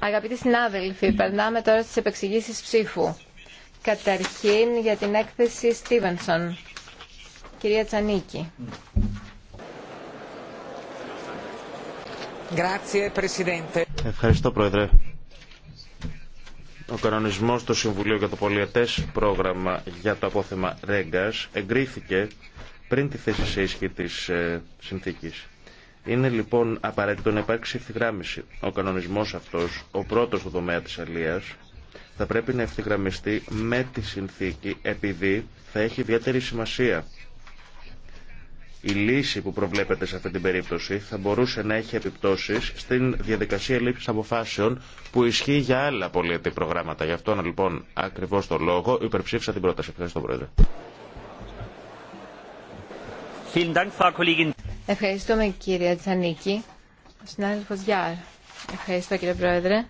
Αγαπητοί συνάδελφοι, περνάμε τώρα στις επεξηγήσεις ψήφου. Καταρχήν για την έκθεση Στίβενσον. Κυρία Τσανίκη. Ευχαριστώ, Πρόεδρε. Ο κανονισμός του Συμβουλίου για το Πολιετές Πρόγραμμα για το απόθεμα Ρέγκας εγκρίθηκε πριν τη θέση σε ίσχυ της ε, συνθήκης. Είναι λοιπόν απαραίτητο να υπάρξει ευθυγράμμιση. Ο κανονισμός αυτό, ο πρώτος στο τομέα της αλίας, θα πρέπει να ευθυγραμμιστεί με τη συνθήκη επειδή θα έχει ιδιαίτερη σημασία. Η λύση που προβλέπεται σε αυτή την περίπτωση θα μπορούσε να έχει επιπτώσεις στην διαδικασία λήψης αποφάσεων που ισχύει για άλλα πολιετή προγράμματα. Γι' αυτό, λοιπόν ακριβώς το λόγο υπερψήφισα την πρόταση. Ευχαριστώ Πρόεδρε. Ευχαριστούμε κύριε Τσανίκη. Συνάδελφος Γιάρ. Ευχαριστώ κύριε Πρόεδρε.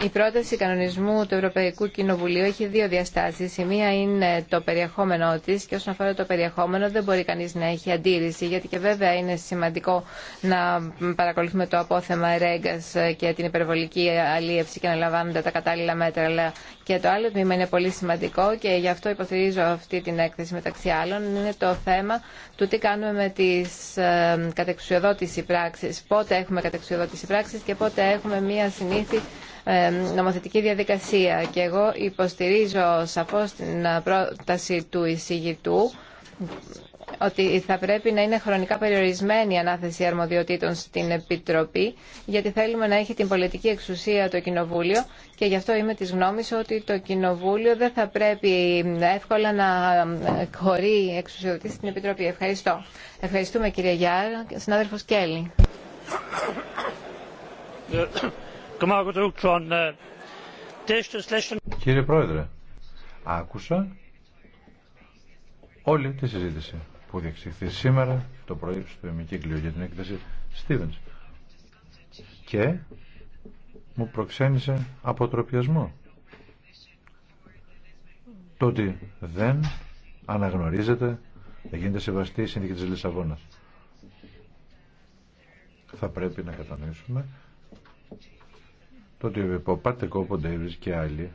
Η πρόταση κανονισμού του Ευρωπαϊκού Κοινοβουλίου έχει δύο διαστάσεις. Η μία είναι το περιεχόμενό της και όσον αφορά το περιεχόμενο δεν μπορεί κανείς να έχει αντίρρηση γιατί και βέβαια είναι σημαντικό να παρακολουθούμε το απόθεμα ρέγκας και την υπερβολική αλίευση και να λαμβάνονται τα κατάλληλα μέτρα. Αλλά και το άλλο τμήμα είναι πολύ σημαντικό και γι' αυτό υποστηρίζω αυτή την έκθεση μεταξύ άλλων. Είναι το θέμα του τι κάνουμε με τις ε, κατεξουσιοδότηση πράξεις. Πότε έχουμε κατεξουσιοδότηση πράξεις και πότε έχουμε μία συνήθη νομοθετική διαδικασία και εγώ υποστηρίζω σαφώς την ε, πρόταση του εισηγητού ότι θα πρέπει να είναι χρονικά περιορισμένη η ανάθεση αρμοδιοτήτων στην Επιτροπή, γιατί θέλουμε να έχει την πολιτική εξουσία το Κοινοβούλιο και γι' αυτό είμαι της γνώμης ότι το Κοινοβούλιο δεν θα πρέπει εύκολα να ε, χωρεί εξουσιοδοτή στην Επιτροπή. Ευχαριστώ. Ευχαριστούμε κύριε Γιάρ. Συνάδελφος Κέλλη. Uh, Κύριε Πρόεδρε, άκουσα όλη τη συζήτηση που διεξήχθη σήμερα το πρωί στο ημικύκλιο για την έκθεση Στίβενς και μου προξένησε αποτροπιασμό το ότι δεν αναγνωρίζεται δεν γίνεται σεβαστή η συνθήκη της Λισαβόνας θα πρέπει να κατανοήσουμε τότε ο Πάτε Κόπο και άλλοι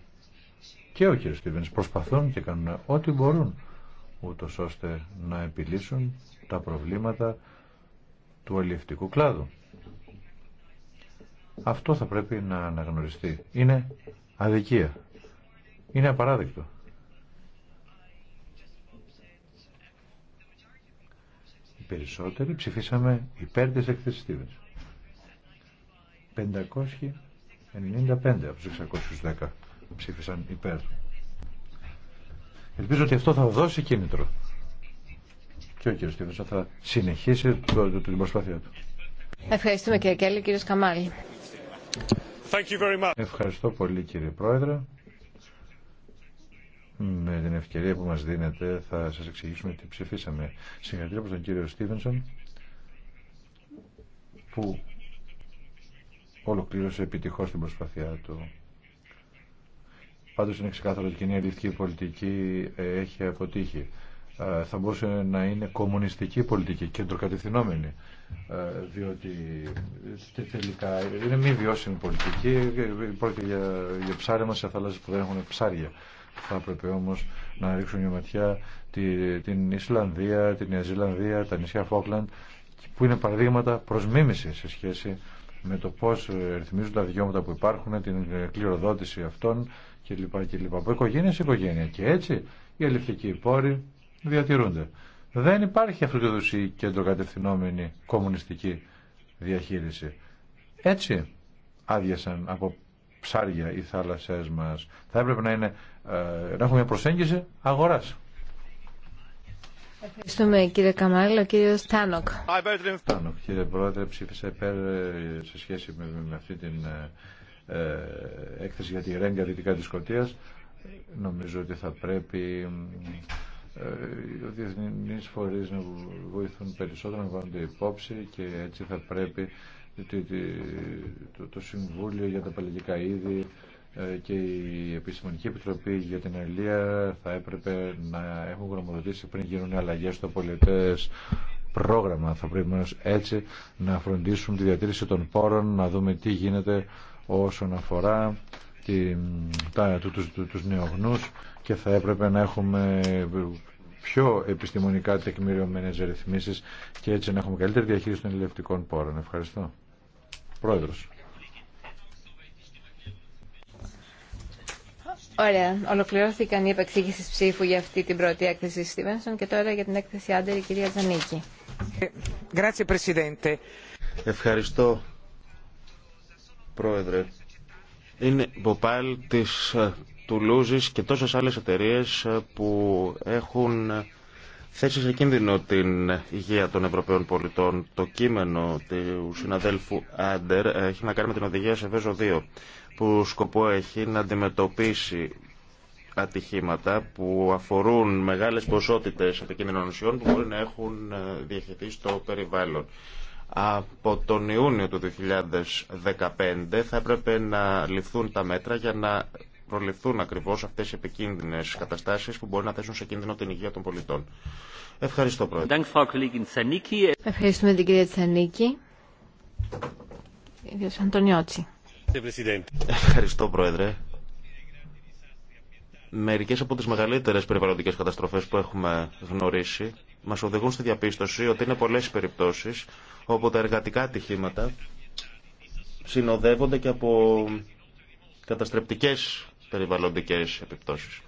και ο κ. Στίβεν, προσπαθούν και κάνουν ό,τι μπορούν ούτω ώστε να επιλύσουν τα προβλήματα του αλληλευτικού κλάδου. Αυτό θα πρέπει να αναγνωριστεί. Είναι αδικία. Είναι απαράδεκτο. Οι περισσότεροι ψηφίσαμε υπέρ της εκθεσής 500 95 από του 610 ψήφισαν υπέρ. Ελπίζω ότι αυτό θα δώσει κίνητρο. Και ο κύριος Στίβενσον θα συνεχίσει την προσπάθειά του. Ευχαριστούμε κύριε Κέλλη. Κύριος Καμάλη. Ευχαριστώ πολύ κύριε Πρόεδρε. Με την ευκαιρία που μας δίνετε θα σας εξηγήσουμε τι ψηφίσαμε. Συγχαρητήρια προς τον κύριο Στίβενσον που ολοκλήρωσε επιτυχώς την προσπαθειά του. Πάντως είναι ξεκάθαρο ότι η κοινή πολιτική ε, έχει αποτύχει. Ε, θα μπορούσε να είναι κομμουνιστική πολιτική, κεντροκατευθυνόμενη, ε, διότι τελικά είναι μη βιώσιμη πολιτική, πρόκειται για, για ψάρεμα σε θαλάσσες που δεν έχουν ψάρια. Θα έπρεπε όμως να ρίξουν μια ματιά την Ισλανδία, την Νέα τα νησιά Φόκλαντ, που είναι παραδείγματα προς μίμηση σε σχέση με το πώς ρυθμίζουν τα δικαιώματα που υπάρχουν, την κληροδότηση αυτών κλπ. κλπ. Από οικογένεια σε οικογένεια. Και έτσι οι αληθικοί πόροι διατηρούνται. Δεν υπάρχει αυτού του είδου η κεντροκατευθυνόμενη κομμουνιστική διαχείριση. Έτσι άδειασαν από ψάρια οι θάλασσές μας. Θα έπρεπε να, είναι, ε, να έχουμε μια προσέγγιση αγοράς. Ευχαριστούμε κύριε Καμάλη. Ο κύριο Τάνοκ. κύριε Πρόεδρε, ψήφισα υπέρ ε, σε σχέση με, αυτή την ε, ε, έκθεση για τη Ρέγκα Δυτικά τη Σκοτία. Νομίζω ότι θα πρέπει οι διεθνεί φορεί να βοηθούν περισσότερο να βάλουν υπόψη και έτσι θα πρέπει το, το, Συμβούλιο για τα Παλαιτικά Είδη ε, και η Επιστημονική Επιτροπή για την Ελία θα έπρεπε να έχουν γνωμοδοτήσει πριν γίνουν αλλαγέ στο πολιτέ πρόγραμμα. Θα πρέπει έτσι να φροντίσουν τη διατήρηση των πόρων, να δούμε τι γίνεται όσον αφορά τη, τα, τους, νεογνούς και θα έπρεπε να έχουμε πιο επιστημονικά τεκμηριωμένες ρυθμίσεις και έτσι να έχουμε καλύτερη διαχείριση των ελευτικών πόρων. Ευχαριστώ. Πρόεδρος. Ωραία. Ολοκληρώθηκαν οι επεξήγησει ψήφου για αυτή την πρώτη έκθεση Στίβενσον και τώρα για την έκθεση Άντερη, η κυρία Τζανίκη. Ευχαριστώ, Πρόεδρε. Είναι Μποπάλ της ε, Τουλούζης και τόσες άλλες εταιρείε ε, που έχουν ε, θέσει σε κίνδυνο την υγεία των Ευρωπαίων πολιτών. Το κείμενο του συναδέλφου Άντερ έχει να κάνει με την οδηγία σε Βέζο 2 που σκοπό έχει να αντιμετωπίσει ατυχήματα που αφορούν μεγάλες ποσότητες επικίνδυνων ουσιών που μπορεί να έχουν ε, διαχειριστεί στο περιβάλλον. Από τον Ιούνιο του 2015 θα έπρεπε να ληφθούν τα μέτρα για να προληφθούν ακριβώς αυτές οι επικίνδυνες καταστάσεις που μπορεί να θέσουν σε κίνδυνο την υγεία των πολιτών. Ευχαριστώ Πρόεδρε. Ευχαριστούμε την κυρία Τσανίκη. Ευχαριστώ, Πρόεδρε. Μερικές από τις μεγαλύτερες περιβαλλοντικές καταστροφές που έχουμε γνωρίσει μας οδηγούν στη διαπίστωση ότι είναι πολλές περιπτώσεις όπου τα εργατικά ατυχήματα συνοδεύονται και από καταστρεπτικές περιβαλλοντικές επιπτώσεις.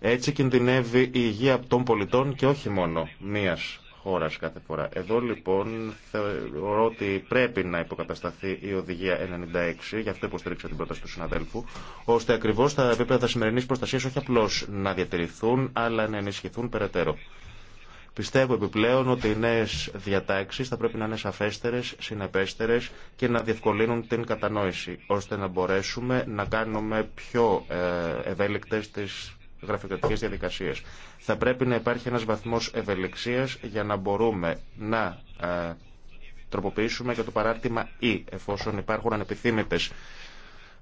Έτσι κινδυνεύει η υγεία των πολιτών και όχι μόνο μίας χώρας κάθε φορά. Εδώ λοιπόν θεωρώ ότι πρέπει να υποκατασταθεί η οδηγία 96, γι' αυτό υποστηρίξα την πρόταση του συναδέλφου, ώστε ακριβώς τα επίπεδα σημερινή προστασία όχι απλώς να διατηρηθούν, αλλά να ενισχυθούν περαιτέρω. Πιστεύω επιπλέον ότι οι νέε διατάξει θα πρέπει να είναι σαφέστερε, συνεπέστερε και να διευκολύνουν την κατανόηση, ώστε να μπορέσουμε να κάνουμε πιο ε, ευέλικτε τι γραφειοκρατικές διαδικασίες. Θα πρέπει να υπάρχει ένας βαθμός ευελιξίας για να μπορούμε να ε, τροποποιήσουμε και το παράρτημα Ή, εφόσον υπάρχουν ανεπιθύμητες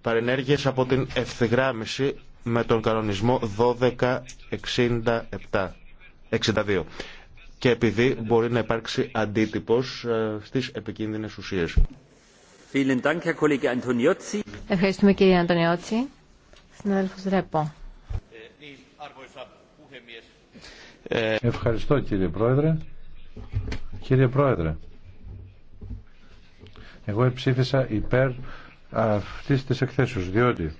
παρενέργειες από την ευθυγράμμιση με τον κανονισμό 1267. 62. Και επειδή μπορεί να υπάρξει αντίτυπος ε, στις επικίνδυνες ουσίες. Ευχαριστούμε κύριε Αντωνιώτση. Συνάδελφος Ρέπο. Ευχαριστώ κύριε Πρόεδρε. Κύριε Πρόεδρε, εγώ ψήφισα υπέρ αυτής της εκθέσεως, διότι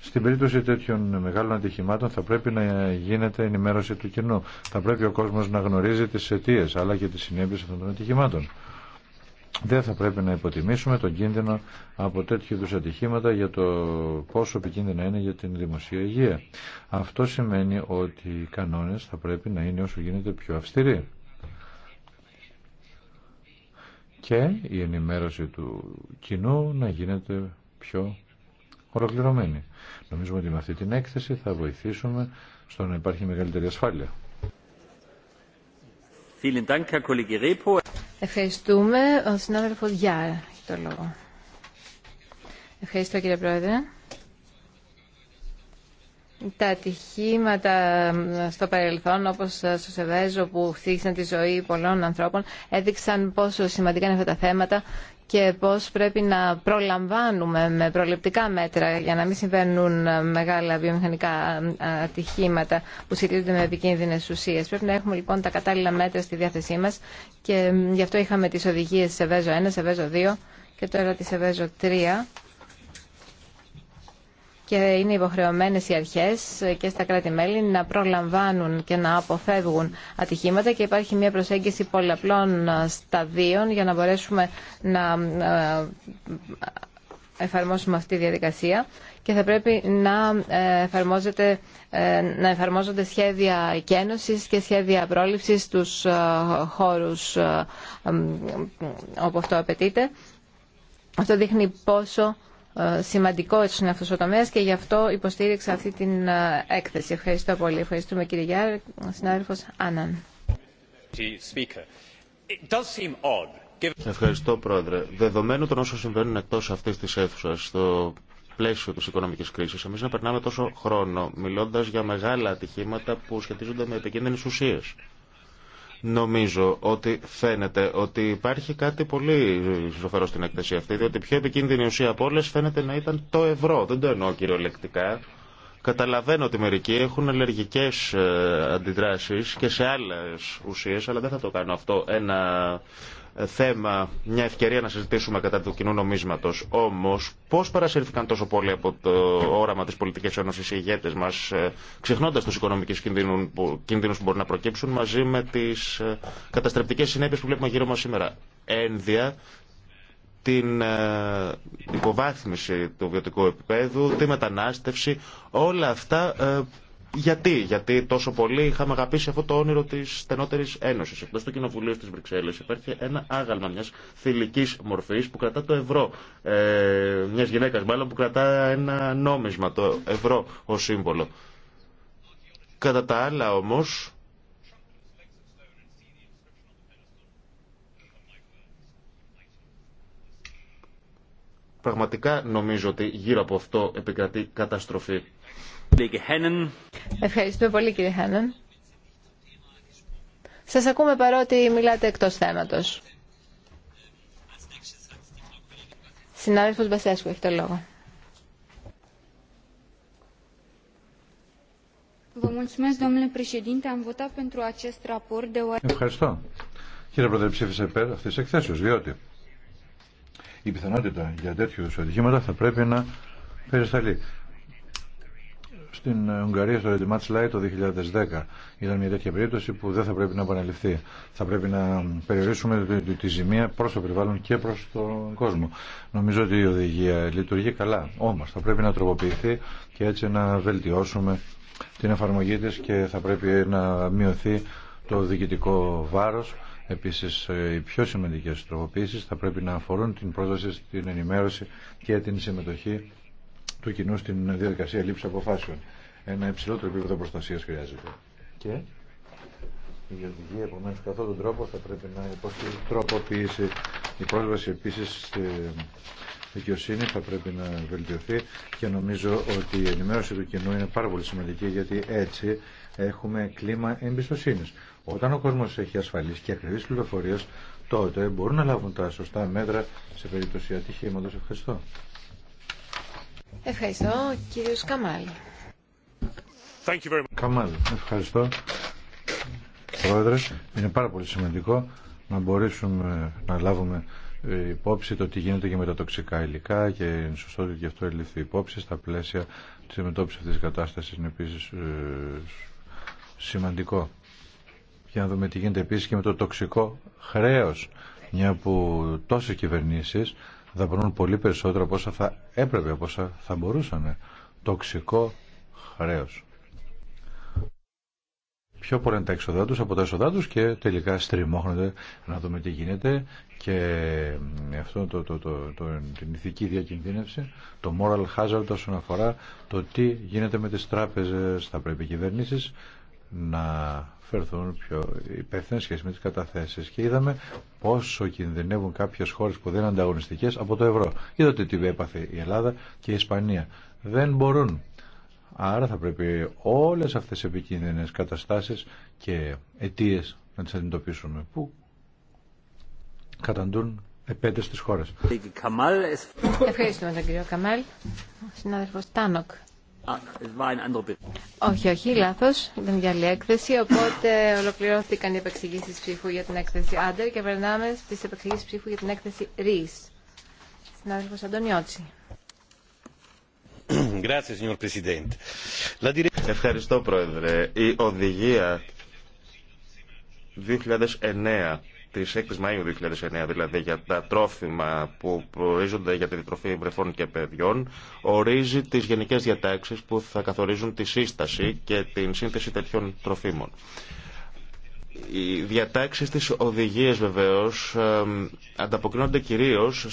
στην περίπτωση τέτοιων μεγάλων ατυχημάτων θα πρέπει να γίνεται ενημέρωση του κοινού. Θα πρέπει ο κόσμος να γνωρίζει τις αιτίε αλλά και τις συνέπειες αυτών των ατυχημάτων δεν θα πρέπει να υποτιμήσουμε τον κίνδυνο από τέτοιου είδου ατυχήματα για το πόσο επικίνδυνο είναι για την δημοσία υγεία. Αυτό σημαίνει ότι οι κανόνες θα πρέπει να είναι όσο γίνεται πιο αυστηροί. Και η ενημέρωση του κοινού να γίνεται πιο ολοκληρωμένη. Νομίζουμε ότι με αυτή την έκθεση θα βοηθήσουμε στο να υπάρχει μεγαλύτερη ασφάλεια. Ευχαριστούμε. Ο συνάδελφος Γιάρα έχει το λόγο. Ευχαριστώ κύριε Πρόεδρε. Τα ατυχήματα στο παρελθόν, όπως στο Σεβέζο, που χτίσαν τη ζωή πολλών ανθρώπων, έδειξαν πόσο σημαντικά είναι αυτά τα θέματα και πώς πρέπει να προλαμβάνουμε με προληπτικά μέτρα για να μην συμβαίνουν μεγάλα βιομηχανικά ατυχήματα που σχετίζονται με επικίνδυνες ουσίες. Πρέπει να έχουμε λοιπόν τα κατάλληλα μέτρα στη διάθεσή μας και γι' αυτό είχαμε τις οδηγίες σε Βέζο 1, σε Βέζο 2 και τώρα τη Σεβέζο 3 και είναι υποχρεωμένες οι αρχές και στα κράτη-μέλη να προλαμβάνουν και να αποφεύγουν ατυχήματα και υπάρχει μια προσέγγιση πολλαπλών σταδίων για να μπορέσουμε να ε, εφαρμόσουμε αυτή τη διαδικασία και θα πρέπει να, ε, εφαρμόζεται, ε, να εφαρμόζονται σχέδια εκένωσης και σχέδια πρόληψης στους χώρους όπου αυτό απαιτείται. Αυτό δείχνει πόσο ε, σημαντικό είναι αυτό ο τομέας και γι' αυτό υποστήριξα αυτή την ε, έκθεση. Ευχαριστώ πολύ. Ευχαριστούμε κύριε Γιάρ, συνάδελφος Άνναν. Ευχαριστώ πρόεδρε. Δεδομένου των όσων συμβαίνουν εκτός αυτής της αίθουσα στο πλαίσιο της οικονομικής κρίσης, εμείς να περνάμε τόσο χρόνο μιλώντας για μεγάλα ατυχήματα που σχετίζονται με επικίνδυνες ουσίες. Νομίζω ότι φαίνεται ότι υπάρχει κάτι πολύ ζωφερό στην εκτασία αυτή, διότι η πιο επικίνδυνη ουσία από όλε φαίνεται να ήταν το ευρώ. Δεν το εννοώ κυριολεκτικά. Καταλαβαίνω ότι μερικοί έχουν αλλεργικέ ε, αντιδράσει και σε άλλε ουσίε, αλλά δεν θα το κάνω αυτό. Ένα θέμα, μια ευκαιρία να συζητήσουμε κατά του κοινού νομίσματο. Όμω, πώ παρασύρθηκαν τόσο πολύ από το όραμα τη Πολιτική Ένωση οι ηγέτε μα, ε, ξεχνώντα του οικονομικού κινδύνου που, κινδύνους που μπορεί να προκύψουν μαζί με τι ε, καταστρεπτικέ συνέπειε που βλέπουμε γύρω μα σήμερα. Ένδια, την ε, υποβάθμιση του βιωτικού επίπεδου, τη μετανάστευση, όλα αυτά γιατί, γιατί τόσο πολύ είχαμε αγαπήσει αυτό το όνειρο τη στενότερη ένωση. Εκτό του κοινοβουλίου τη Βρυξέλλε υπάρχει ένα άγαλμα μια θηλυκή μορφή που κρατά το ευρώ. Ε, μια γυναίκα μάλλον που κρατά ένα νόμισμα, το ευρώ ω σύμβολο. Κατά τα άλλα όμω. Πραγματικά νομίζω ότι γύρω από αυτό επικρατεί καταστροφή. Ευχαριστούμε πολύ κύριε Χανον. Σας ακούμε παρότι μιλάτε εκτός θέματος. Συνάδελφος Μπασέσκου έχει το λόγο. Ευχαριστώ. Κύριε Πρόεδρε, ψήφισα υπέρ αυτή τη εκθέσεω, διότι η πιθανότητα για τέτοιου ατυχήματα θα πρέπει να περισταλεί στην ε, Ουγγαρία στο Match Light το 2010. Ήταν μια τέτοια περίπτωση που δεν θα πρέπει να επαναληφθεί. Θα πρέπει να περιορίσουμε τη ζημία προς το περιβάλλον και προς τον κόσμο. Νομίζω ότι η οδηγία λειτουργεί καλά. Όμως θα πρέπει να τροποποιηθεί και έτσι να βελτιώσουμε την εφαρμογή της και θα πρέπει να μειωθεί το διοικητικό βάρος. Επίσης, ε, οι πιο σημαντικές τροποποίησεις θα πρέπει να αφορούν την πρόταση στην ενημέρωση και την συμμετοχή του κοινού στην διαδικασία λήψη αποφάσεων. Ένα υψηλότερο επίπεδο προστασία χρειάζεται. Και η οδηγία επομένω καθ' τον τρόπο θα πρέπει να υποστηρίξει τροποποιήσει. Η πρόσβαση επίση στη δικαιοσύνη θα πρέπει να βελτιωθεί και νομίζω ότι η ενημέρωση του κοινού είναι πάρα πολύ σημαντική γιατί έτσι έχουμε κλίμα εμπιστοσύνη. Όταν ο κόσμο έχει ασφαλεί και ακριβεί πληροφορίε, τότε μπορούν να λάβουν τα σωστά μέτρα σε περίπτωση ατυχήματο. Ευχαριστώ. Ευχαριστώ, κύριος Καμάλ. Thank Καμάλ, ευχαριστώ. Πρόεδρε, είναι πάρα πολύ σημαντικό να μπορέσουμε να λάβουμε υπόψη το τι γίνεται και με τα τοξικά υλικά και είναι σωστό ότι γι' αυτό ελήφθη υπόψη στα πλαίσια της μετώπιση αυτής τη κατάστασης είναι επίσης ε, σημαντικό. Για να δούμε τι γίνεται επίση και με το τοξικό χρέο μια που τόσε κυβερνήσει δαπανούν πολύ περισσότερο από όσα θα έπρεπε, από όσα θα μπορούσαν. Τοξικό χρέο. Πιο πολλά είναι τα έξοδά τους από τα έσοδά του και τελικά στριμώχνονται να δούμε τι γίνεται και αυτό το, το, το, το, την ηθική διακινδύνευση, το moral hazard όσον αφορά το τι γίνεται με τις τράπεζες. Θα πρέπει οι κυβερνήσεις να φερθούν πιο υπεύθυνε σχέση με τι καταθέσει. Και είδαμε πόσο κινδυνεύουν κάποιε χώρε που δεν είναι ανταγωνιστικέ από το ευρώ. Είδατε τι έπαθε η Ελλάδα και η Ισπανία. Δεν μπορούν. Άρα θα πρέπει όλες αυτές οι επικίνδυνες καταστάσεις και αιτίε να τις αντιμετωπίσουμε που καταντούν επέντε στις χώρες. Ευχαριστούμε τον κύριο Καμάλ. Τάνοκ. Όχι, όχι, λάθο. Ήταν για άλλη έκθεση. Οπότε ολοκληρώθηκαν οι επεξηγήσει ψήφου για την έκθεση Άντερ και περνάμε στι επεξηγήσει ψήφου για την έκθεση ΡΙΣ. Συνάδελφο Αντωνιώτση. Ευχαριστώ, Πρόεδρε. Η οδηγία 2009 της 6 η Μαΐου 2009 δηλαδή για τα τρόφιμα που προορίζονται για τη διτροφή βρεφών και παιδιών ορίζει τις γενικές διατάξεις που θα καθορίζουν τη σύσταση και την σύνθεση τέτοιων τροφίμων. Οι διατάξεις της οδηγίας βεβαίως ανταποκρίνονται κυρίως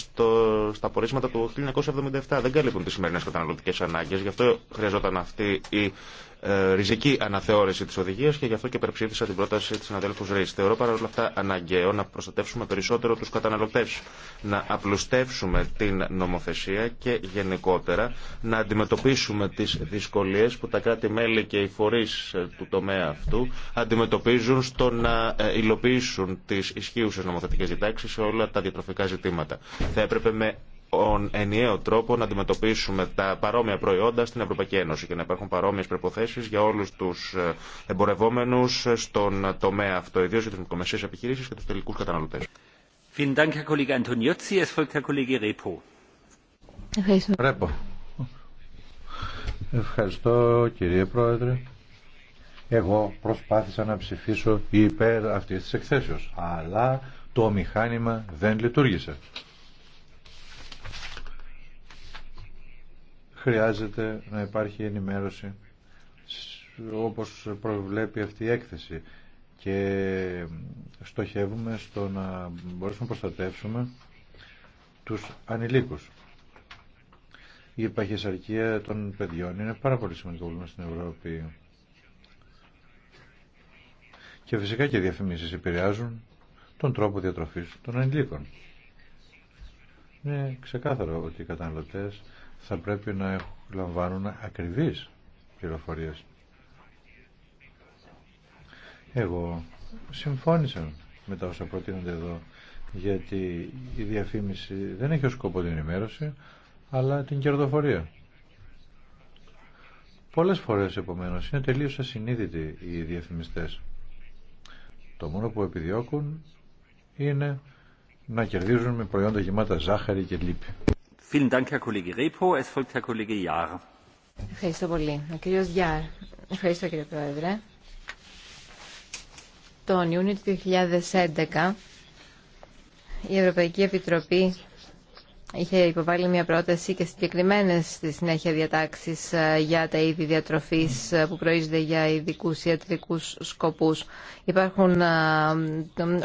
στα πορίσματα του 1977. Δεν καλύπτουν τι σημερινέ καταναλωτικέ ανάγκε, γι' αυτό χρειαζόταν αυτή η ε, ριζική αναθεώρηση τη οδηγία και γι' αυτό και υπερψήφισα την πρόταση τη συναδέλφου Ρή. Θεωρώ παρά όλα αυτά αναγκαίο να προστατεύσουμε περισσότερο του καταναλωτέ, να απλουστεύσουμε την νομοθεσία και γενικότερα να αντιμετωπίσουμε τι δυσκολίε που τα κράτη-μέλη και οι φορεί ε, του τομέα αυτού αντιμετωπίζουν στο να ε, υλοποιήσουν τι ισχύουσε νομοθετικέ διτάξει σε όλα τα διατροφικά ζητήματα. Θα έπρεπε με ενιαίο τρόπο να αντιμετωπίσουμε τα παρόμοια προϊόντα στην Ευρωπαϊκή Ένωση και να υπάρχουν παρόμοιε προποθέσει για όλου του ε, εμπορευόμενου στον τομέα αυτό, ιδίω για τι μικρομεσαίε επιχειρήσει και του τελικού καταναλωτέ. Ευχαριστώ. Ευχαριστώ κύριε Πρόεδρε. Εγώ προσπάθησα να ψηφίσω υπέρ αυτής της εκθέσεως, αλλά το μηχάνημα δεν λειτουργήσε. χρειάζεται να υπάρχει ενημέρωση όπως προβλέπει αυτή η έκθεση και στοχεύουμε στο να μπορέσουμε να προστατεύσουμε τους ανηλίκους. Η επαχυσαρκία των παιδιών είναι πάρα πολύ σημαντικό στην Ευρώπη. Και φυσικά και οι διαφημίσεις επηρεάζουν τον τρόπο διατροφής των ανηλίκων. Είναι ξεκάθαρο ότι οι καταναλωτές θα πρέπει να λαμβάνουν ακριβείς πληροφορίες. Εγώ συμφώνησα με τα όσα προτείνονται εδώ γιατί η διαφήμιση δεν έχει ως σκοπό την ενημέρωση αλλά την κερδοφορία. Πολλές φορές επομένως είναι τελείως ασυνείδητοι οι διαφημιστές. Το μόνο που επιδιώκουν είναι να κερδίζουν με προϊόντα γεμάτα ζάχαρη και λύπη. Ευχαριστώ πολύ. Ο κύριος Γιάρ. Ευχαριστώ κύριε Πρόεδρε. Τον Ιούνιο του 2011 η Ευρωπαϊκή Επιτροπή είχε υποβάλει μια πρόταση και συγκεκριμένε στη συνέχεια διατάξει ε, για τα είδη διατροφή ε, που προείζονται για ειδικού ιατρικού σκοπού. Υπάρχουν ε,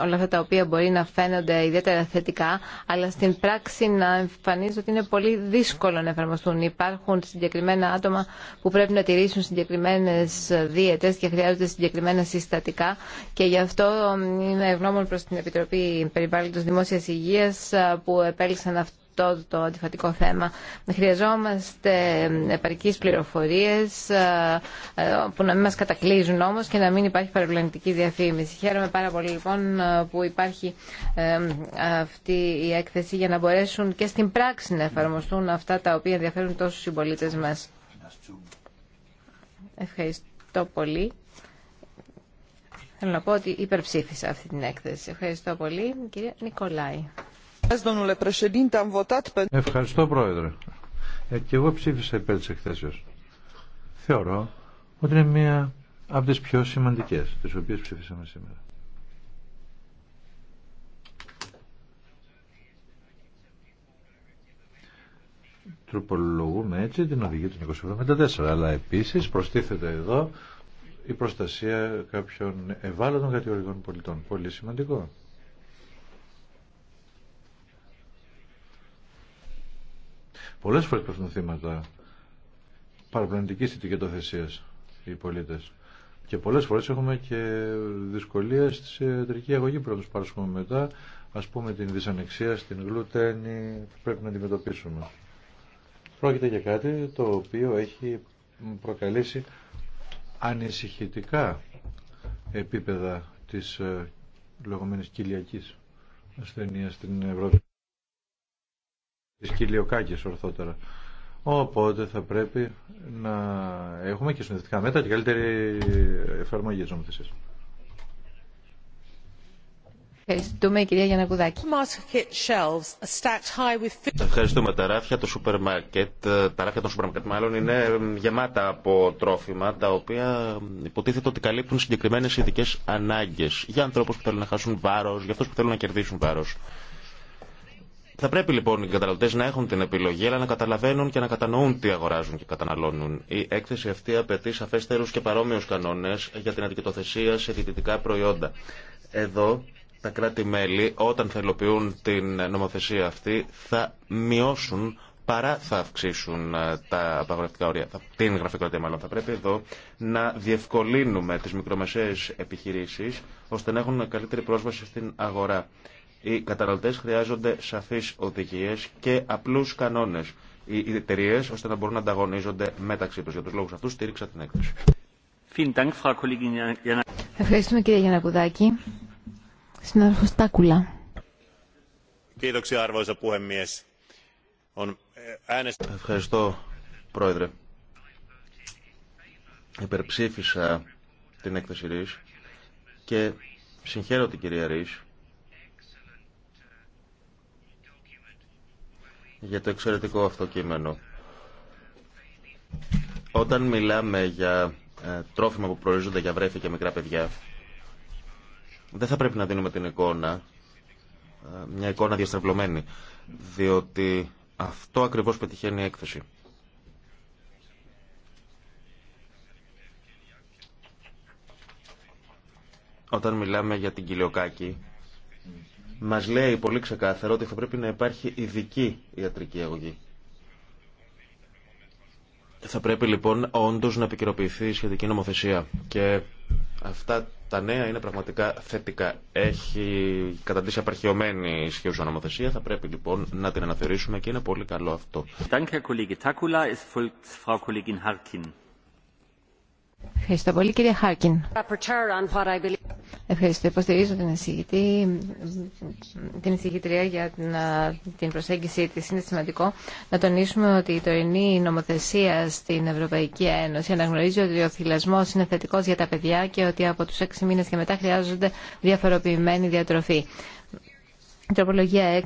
όλα αυτά τα οποία μπορεί να φαίνονται ιδιαίτερα θετικά, αλλά στην πράξη να εμφανίζονται ότι είναι πολύ δύσκολο να εφαρμοστούν. Υπάρχουν συγκεκριμένα άτομα που πρέπει να τηρήσουν συγκεκριμένε δίαιτε και χρειάζονται συγκεκριμένα συστατικά και γι' αυτό είναι ευγνώμων προ την Επιτροπή Περιβάλλοντο Δημόσια Υγεία που επέλεξαν αυτό αυτό το αντιφατικό θέμα. Χρειαζόμαστε επαρκείς πληροφορίες ε, ε, που να μην μας κατακλείζουν όμως και να μην υπάρχει παραπλανητική διαφήμιση. Χαίρομαι πάρα πολύ λοιπόν ε, που υπάρχει αυτή η έκθεση για να μπορέσουν και στην πράξη να εφαρμοστούν αυτά τα οποία ενδιαφέρουν τόσους συμπολίτε μας. Ευχαριστώ πολύ. Θέλω να πω ότι υπερψήφισα αυτή την έκθεση. Ευχαριστώ πολύ, κυρία Νικολάη. Ευχαριστώ Πρόεδρε. Ε, και εγώ ψήφισα υπέρ της εκθέσεως. Θεωρώ ότι είναι μία από τις πιο σημαντικές τις οποίες ψήφισαμε σήμερα. Τροπολογούμε έτσι την οδηγία του 1974, αλλά επίσης προστίθεται εδώ η προστασία κάποιων ευάλωτων κατηγοριών πολιτών. Πολύ σημαντικό. Πολλές φορές πέφτουν θύματα παραπλανητικής ετικετοθεσίας οι πολίτες. Και πολλές φορές έχουμε και δυσκολίες στη ιατρική αγωγή που να τους παρουσιάσουμε μετά, ας πούμε την δυσανεξία στην γλουτένη που πρέπει να αντιμετωπίσουμε. Πρόκειται για κάτι το οποίο έχει προκαλέσει ανησυχητικά επίπεδα της ε, λεγόμενης κοιλιακής ασθενείας στην Ευρώπη της ορθότερα. Οπότε θα πρέπει να έχουμε και συνδετικά μέτρα και καλύτερη εφαρμογή της νομοθεσίας. Ευχαριστούμε κυρία Γιανακουδάκη. Ευχαριστούμε. Τα ράφια, του σούπερ μάρκετ, τα ράφια των σούπερ μάρκετ μάλλον είναι γεμάτα από τρόφιμα τα οποία υποτίθεται ότι καλύπτουν συγκεκριμένες ειδικές ανάγκες για ανθρώπους που θέλουν να χάσουν βάρος, για αυτούς που θέλουν να κερδίσουν βάρος. Θα πρέπει λοιπόν οι καταναλωτέ να έχουν την επιλογή, αλλά να καταλαβαίνουν και να κατανοούν τι αγοράζουν και καταναλώνουν. Η έκθεση αυτή απαιτεί σαφέστερου και παρόμοιου κανόνε για την αντικειτοθεσία σε διαιτητικά προϊόντα. Εδώ τα κράτη-μέλη, όταν θελοποιούν την νομοθεσία αυτή, θα μειώσουν παρά θα αυξήσουν ε, τα απαγορευτικά όρια, την γραφειοκρατία μάλλον. Θα πρέπει εδώ να διευκολύνουμε τι μικρομεσαίες επιχειρήσει, ώστε να έχουν καλύτερη πρόσβαση στην αγορά. Οι καταναλωτές χρειάζονται σαφείς οδηγίες και απλούς κανόνες οι εταιρείε ώστε να μπορούν να ανταγωνίζονται μεταξύ τους. Για τους λόγους αυτούς στήριξα την έκθεση. Ευχαριστούμε κύριε Γιανακουδάκη. Συνάδελφος Τάκουλα. Ε, Ευχαριστώ πρόεδρε. Υπερψήφισα την έκθεση ΡΙΣ και συγχαίρω την κυρία ΡΙΣ για το εξαιρετικό αυτό κείμενο. Όταν μιλάμε για ε, τρόφιμα που προορίζονται για βρέφη και μικρά παιδιά, δεν θα πρέπει να δίνουμε την εικόνα, ε, μια εικόνα διαστρεβλωμένη, διότι αυτό ακριβώς πετυχαίνει η έκθεση. Όταν μιλάμε για την κοιλιοκάκη, μας λέει πολύ ξεκάθαρο ότι θα πρέπει να υπάρχει ειδική ιατρική αγωγή. Θα πρέπει λοιπόν όντως να επικαιροποιηθεί η σχετική νομοθεσία και αυτά τα νέα είναι πραγματικά θετικά. Έχει καταντήσει απαρχαιωμένη η ισχύουσα νομοθεσία, θα πρέπει λοιπόν να την αναθεωρήσουμε και είναι πολύ καλό αυτό. Ευχαριστώ πολύ κυρία Χάρκιν. Ευχαριστώ. Υποστηρίζω την εισηγητή, την εισηγητρία για την, προσέγγιση της. Είναι σημαντικό να τονίσουμε ότι η τωρινή νομοθεσία στην Ευρωπαϊκή Ένωση αναγνωρίζει ότι ο θυλασμός είναι θετικός για τα παιδιά και ότι από τους έξι μήνες και μετά χρειάζονται διαφοροποιημένη διατροφή. Η τροπολογία 6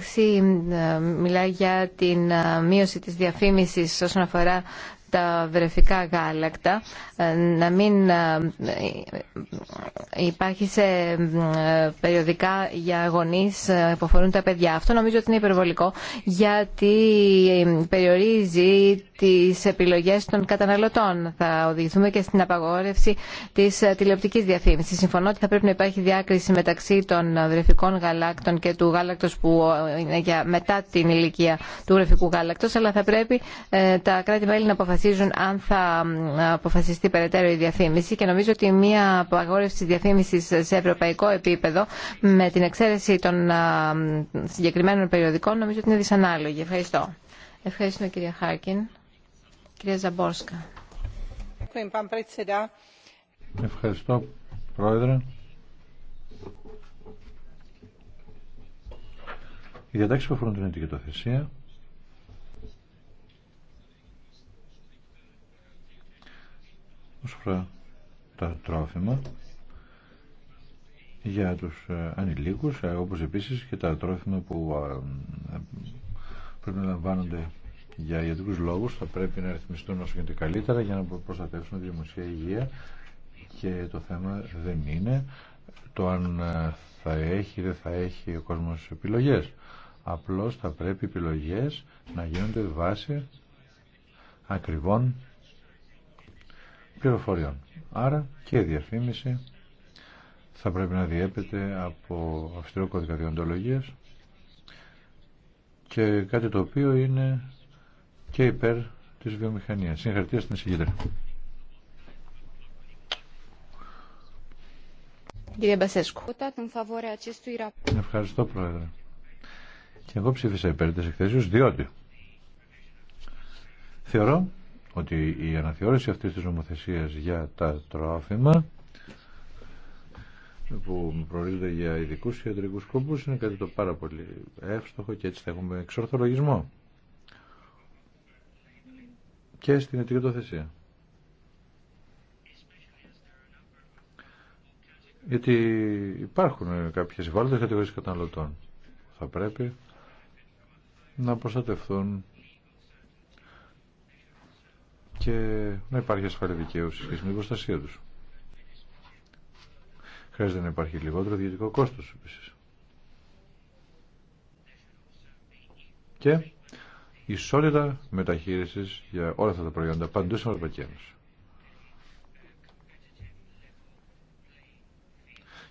ε, μιλάει για την ε, μείωση της διαφήμισης όσον αφορά τα βρεφικά γάλακτα ε, να μην ε, υπάρχει σε ε, περιοδικά για γονείς που αφορούν τα παιδιά. Αυτό νομίζω ότι είναι υπερβολικό γιατί περιορίζει τις επιλογές των καταναλωτών. Θα οδηγηθούμε και στην απαγόρευση της τηλεοπτικής διαφήμισης. Συμφωνώ ότι θα πρέπει να υπάρχει διάκριση μεταξύ των βρεφικών γαλάκτων και του γάλακτος που είναι για μετά την ηλικία του βρεφικού γάλακτος, αλλά θα πρέπει τα κράτη-μέλη να αποφασίσουν αποφασίζουν αν θα αποφασιστεί περαιτέρω η διαφήμιση και νομίζω ότι μια απαγόρευση της διαφήμισης σε ευρωπαϊκό επίπεδο με την εξαίρεση των συγκεκριμένων περιοδικών νομίζω ότι είναι δυσανάλογη. Ευχαριστώ. Ευχαριστούμε κυρία Χάρκιν. Κυρία Ζαμπόρσκα. Ευχαριστώ πρόεδρε. Οι διατάξει που αφορούν την ετικετοθεσία ως τα τρόφιμα για τους ε, ανηλίκους ε, όπως επίσης και τα τρόφιμα που ε, πρέπει να λαμβάνονται για ιατρικούς λόγους θα πρέπει να ρυθμιστούν όσο γίνεται καλύτερα για να προστατεύσουμε τη δημοσία υγεία και το θέμα δεν είναι το αν θα έχει ή δεν θα έχει ο κόσμος επιλογές. Απλώς θα πρέπει επιλογές να γίνονται βάσει ακριβών Άρα και η διαφήμιση θα πρέπει να διέπεται από αυστηρό κώδικα διοντολογίας και κάτι το οποίο είναι και υπέρ της βιομηχανίας. Συγχαρητήρια στην εισηγήτρια. Κύριε Μπασέσκου. Ευχαριστώ, Πρόεδρε. Και εγώ ψήφισα υπέρ της εκθέσεως, διότι θεωρώ ότι η αναθεώρηση αυτής της νομοθεσίας για τα τρόφιμα που προορίζονται για ειδικούς ιατρικούς σκοπούς είναι κάτι το πάρα πολύ εύστοχο και έτσι θα έχουμε εξορθολογισμό και στην ετικετοθεσία. Γιατί υπάρχουν κάποιες ευάλωτες κατηγορίες καταναλωτών. Θα πρέπει να προστατευτούν και να υπάρχει ασφαλή δικαίωση και στην προστασία του. Χρειάζεται να υπάρχει λιγότερο ιδιωτικό κόστο επίση. Και ισότητα μεταχείριση για όλα αυτά τα προϊόντα παντού στην Ευρωπαϊκή Ένωση.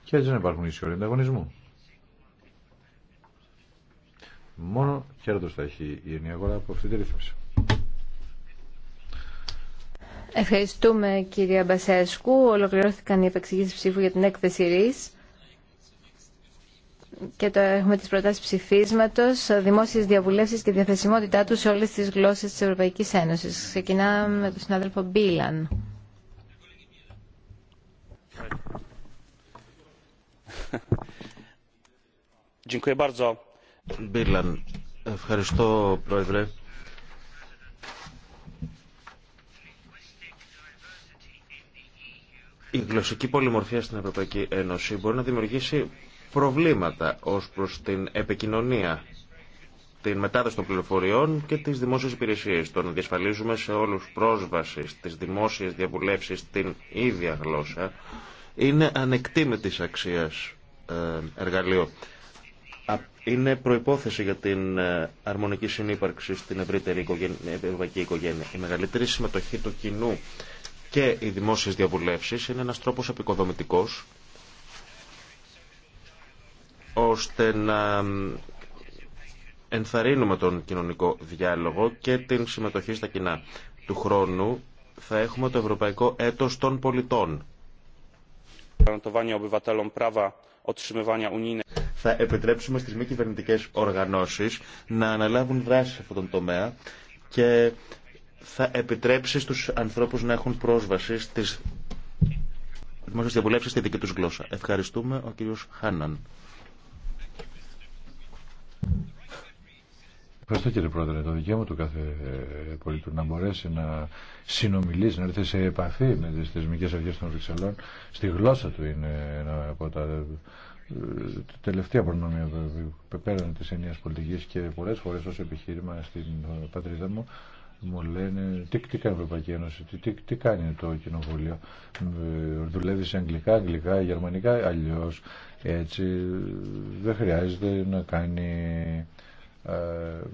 Και έτσι να υπάρχουν ισχυροί ανταγωνισμού. Μόνο χαίρετο θα έχει η ενιαία αγορά από αυτή τη ρύθμιση. Ευχαριστούμε κυρία Μπασέσκου. Ολοκληρώθηκαν οι επεξηγήσεις ψήφου για την έκθεση ΡΙΣ και το έχουμε τις προτάσεις ψηφίσματος, δημόσιες διαβουλεύσεις και διαθεσιμότητά τους σε όλες τις γλώσσες της Ευρωπαϊκής Ένωσης. Ξεκινάμε με τον συνάδελφο Μπίλαν. Μπίλαν, ευχαριστώ πρόεδρε Η γλωσσική πολυμορφία στην Ευρωπαϊκή Ένωση μπορεί να δημιουργήσει προβλήματα ως προς την επικοινωνία, την μετάδοση των πληροφοριών και τις δημόσιες υπηρεσίες. Το να διασφαλίζουμε σε όλους πρόσβαση στις δημόσιες διαβουλεύσεις στην ίδια γλώσσα είναι ανεκτήμητης αξίας ε, εργαλείο. Είναι προϋπόθεση για την ε, αρμονική συνύπαρξη στην ευρύτερη ευρωπαϊκή οικογένεια. Η μεγαλύτερη συμμετοχή του κοινού και οι δημόσιες διαβουλεύσεις είναι ένας τρόπος επικοδομητικός ώστε να ενθαρρύνουμε τον κοινωνικό διάλογο και την συμμετοχή στα κοινά. Του χρόνου θα έχουμε το Ευρωπαϊκό Έτος των Πολιτών. Θα επιτρέψουμε στις μη κυβερνητικές οργανώσεις να αναλάβουν δράση σε αυτόν τον τομέα και θα επιτρέψει στους ανθρώπους να έχουν πρόσβαση στις δημόσιες διαβουλεύσεις στη δική τους γλώσσα. Ευχαριστούμε ο κύριος Χάναν. Ευχαριστώ κύριε Πρόεδρε. Το δικαίωμα του κάθε πολίτου να μπορέσει να συνομιλήσει, να έρθει σε επαφή με τις θεσμικές αρχές των Βρυξελών στη γλώσσα του είναι ένα από τα ε, τελευταία προνομία πέραν της ενίας πολιτικής και πολλές φορές ως επιχείρημα στην πατρίδα μου μου λένε τι, κάνει η Ευρωπαϊκή Ένωση, τι, τι, τι κάνει το Κοινοβούλιο. Ε, δουλεύει σε αγγλικά, αγγλικά, γερμανικά, αλλιώς Έτσι δεν χρειάζεται να κάνει ε,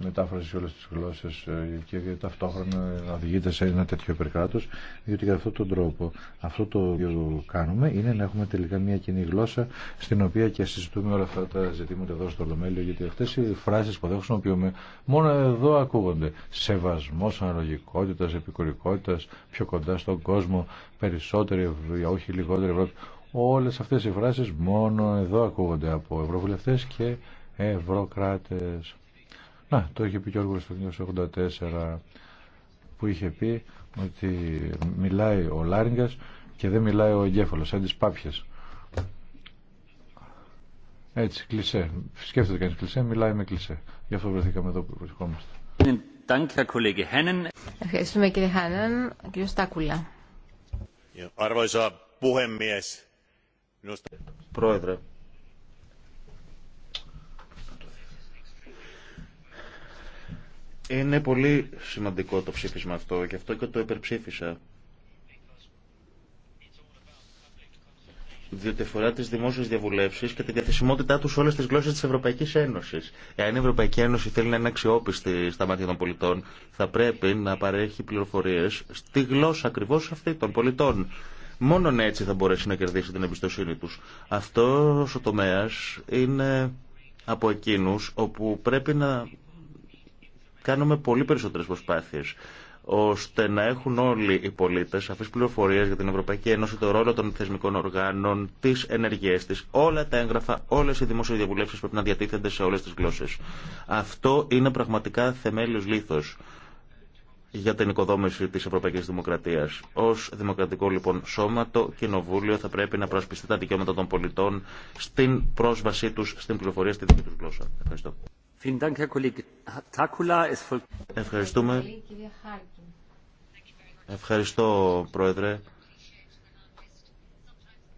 μετάφραση σε όλες τις γλώσσες ε, και ταυτόχρονα να οδηγείται σε ένα τέτοιο υπερκράτος διότι για αυτόν τον τρόπο αυτό το οποίο κάνουμε είναι να έχουμε τελικά μια κοινή γλώσσα στην οποία και συζητούμε όλα αυτά τα ζητήματα εδώ στο Λομέλιο γιατί αυτές οι φράσεις που δεν χρησιμοποιούμε μόνο εδώ ακούγονται σεβασμός, αναλογικότητας, επικουρικότητας πιο κοντά στον κόσμο περισσότερη, όχι λιγότερη Ευρώπη όλες αυτές οι φράσεις μόνο εδώ ακούγονται από ευρωβουλευτές και ευρωκράτες να, το είχε πει και ο Γιώργος το 1984 που είχε πει ότι μιλάει ο Λάριγκας και δεν μιλάει ο εγκέφαλος, σαν τις πάπιες. Έτσι, κλισέ. Σκέφτεται κανείς κλισέ, μιλάει με κλισέ. Γι' αυτό βρεθήκαμε εδώ που βρισκόμαστε. Ευχαριστούμε κύριε Χάνεν. Κύριο Στάκουλα. Πρόεδρε, Είναι πολύ σημαντικό το ψήφισμα αυτό, γι' αυτό και το υπερψήφισα. διότι αφορά τι δημόσιε διαβουλεύσει και τη διαθεσιμότητά του σε όλε τι γλώσσε τη Ευρωπαϊκή Ένωση. Εάν η Ευρωπαϊκή Ένωση θέλει να είναι αξιόπιστη στα μάτια των πολιτών, θα πρέπει να παρέχει πληροφορίε στη γλώσσα ακριβώ αυτή των πολιτών. Μόνο έτσι θα μπορέσει να κερδίσει την εμπιστοσύνη του. Αυτό ο τομέα είναι από εκείνου όπου πρέπει να κάνουμε πολύ περισσότερε προσπάθειε, ώστε να έχουν όλοι οι πολίτε σαφεί πληροφορίε για την Ευρωπαϊκή Ένωση, το ρόλο των θεσμικών οργάνων, τι ενεργέ τη, όλα τα έγγραφα, όλε οι δημόσιε διαβουλεύσει πρέπει να διατίθενται σε όλε τι γλώσσε. Αυτό είναι πραγματικά θεμέλιος λήθος για την οικοδόμηση της Ευρωπαϊκής Δημοκρατίας. Ως δημοκρατικό λοιπόν σώμα το Κοινοβούλιο θα πρέπει να προασπιστεί τα δικαιώματα των πολιτών στην πρόσβασή τους στην πληροφορία στη δική τους γλώσσα. Ευχαριστώ. Ευχαριστούμε. Ευχαριστώ, Πρόεδρε.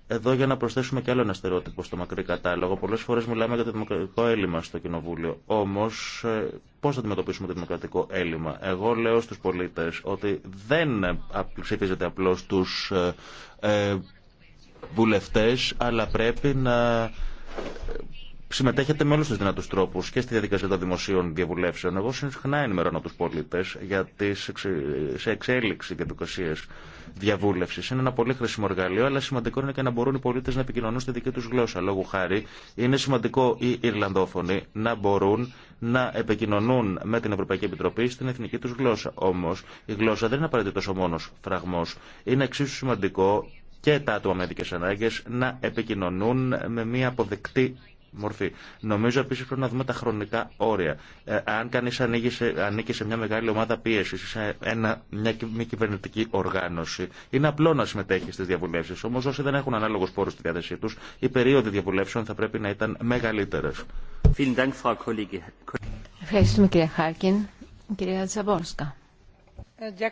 Εδώ για να προσθέσουμε και άλλο ένα στερεότυπο στο μακρύ κατάλογο. Πολλέ φορέ μιλάμε για το δημοκρατικό έλλειμμα στο Κοινοβούλιο. Όμω, ε, πώ θα αντιμετωπίσουμε το δημοκρατικό έλλειμμα. Εγώ λέω στου πολίτε ότι δεν ψηφίζεται απλώ του ε, ε, βουλευτέ, αλλά πρέπει να συμμετέχετε με όλου του δυνατού τρόπου και στη διαδικασία των δημοσίων διαβουλεύσεων. Εγώ συχνά ενημερώνω του πολίτε για τι σε εξέλιξη διαδικασίε διαβούλευση. Είναι ένα πολύ χρήσιμο εργαλείο, αλλά σημαντικό είναι και να μπορούν οι πολίτε να επικοινωνούν στη δική του γλώσσα. Λόγου χάρη, είναι σημαντικό οι Ιρλανδόφωνοι να μπορούν να επικοινωνούν με την Ευρωπαϊκή Επιτροπή στην εθνική του γλώσσα. Όμω, η γλώσσα δεν είναι απαραίτητο ο μόνο φραγμό. Είναι εξίσου σημαντικό και τα άτομα με ειδικέ ανάγκε να επικοινωνούν με μια αποδεκτή μορφή. Νομίζω επίση πρέπει να δούμε τα χρονικά όρια. Ε, αν κανεί ανήκει σε μια μεγάλη ομάδα πίεση ή σε ένα, μια μη κυβερνητική οργάνωση, είναι απλό να συμμετέχει στι διαβουλεύσει. Όμω όσοι δεν έχουν ανάλογο πόρου στη διάθεσή του, οι περίοδοι διαβουλεύσεων θα πρέπει να ήταν μεγαλύτερε. Ευχαριστούμε κυρία Χάρκιν. Κυρία Τζαμπόρσκα. Ε,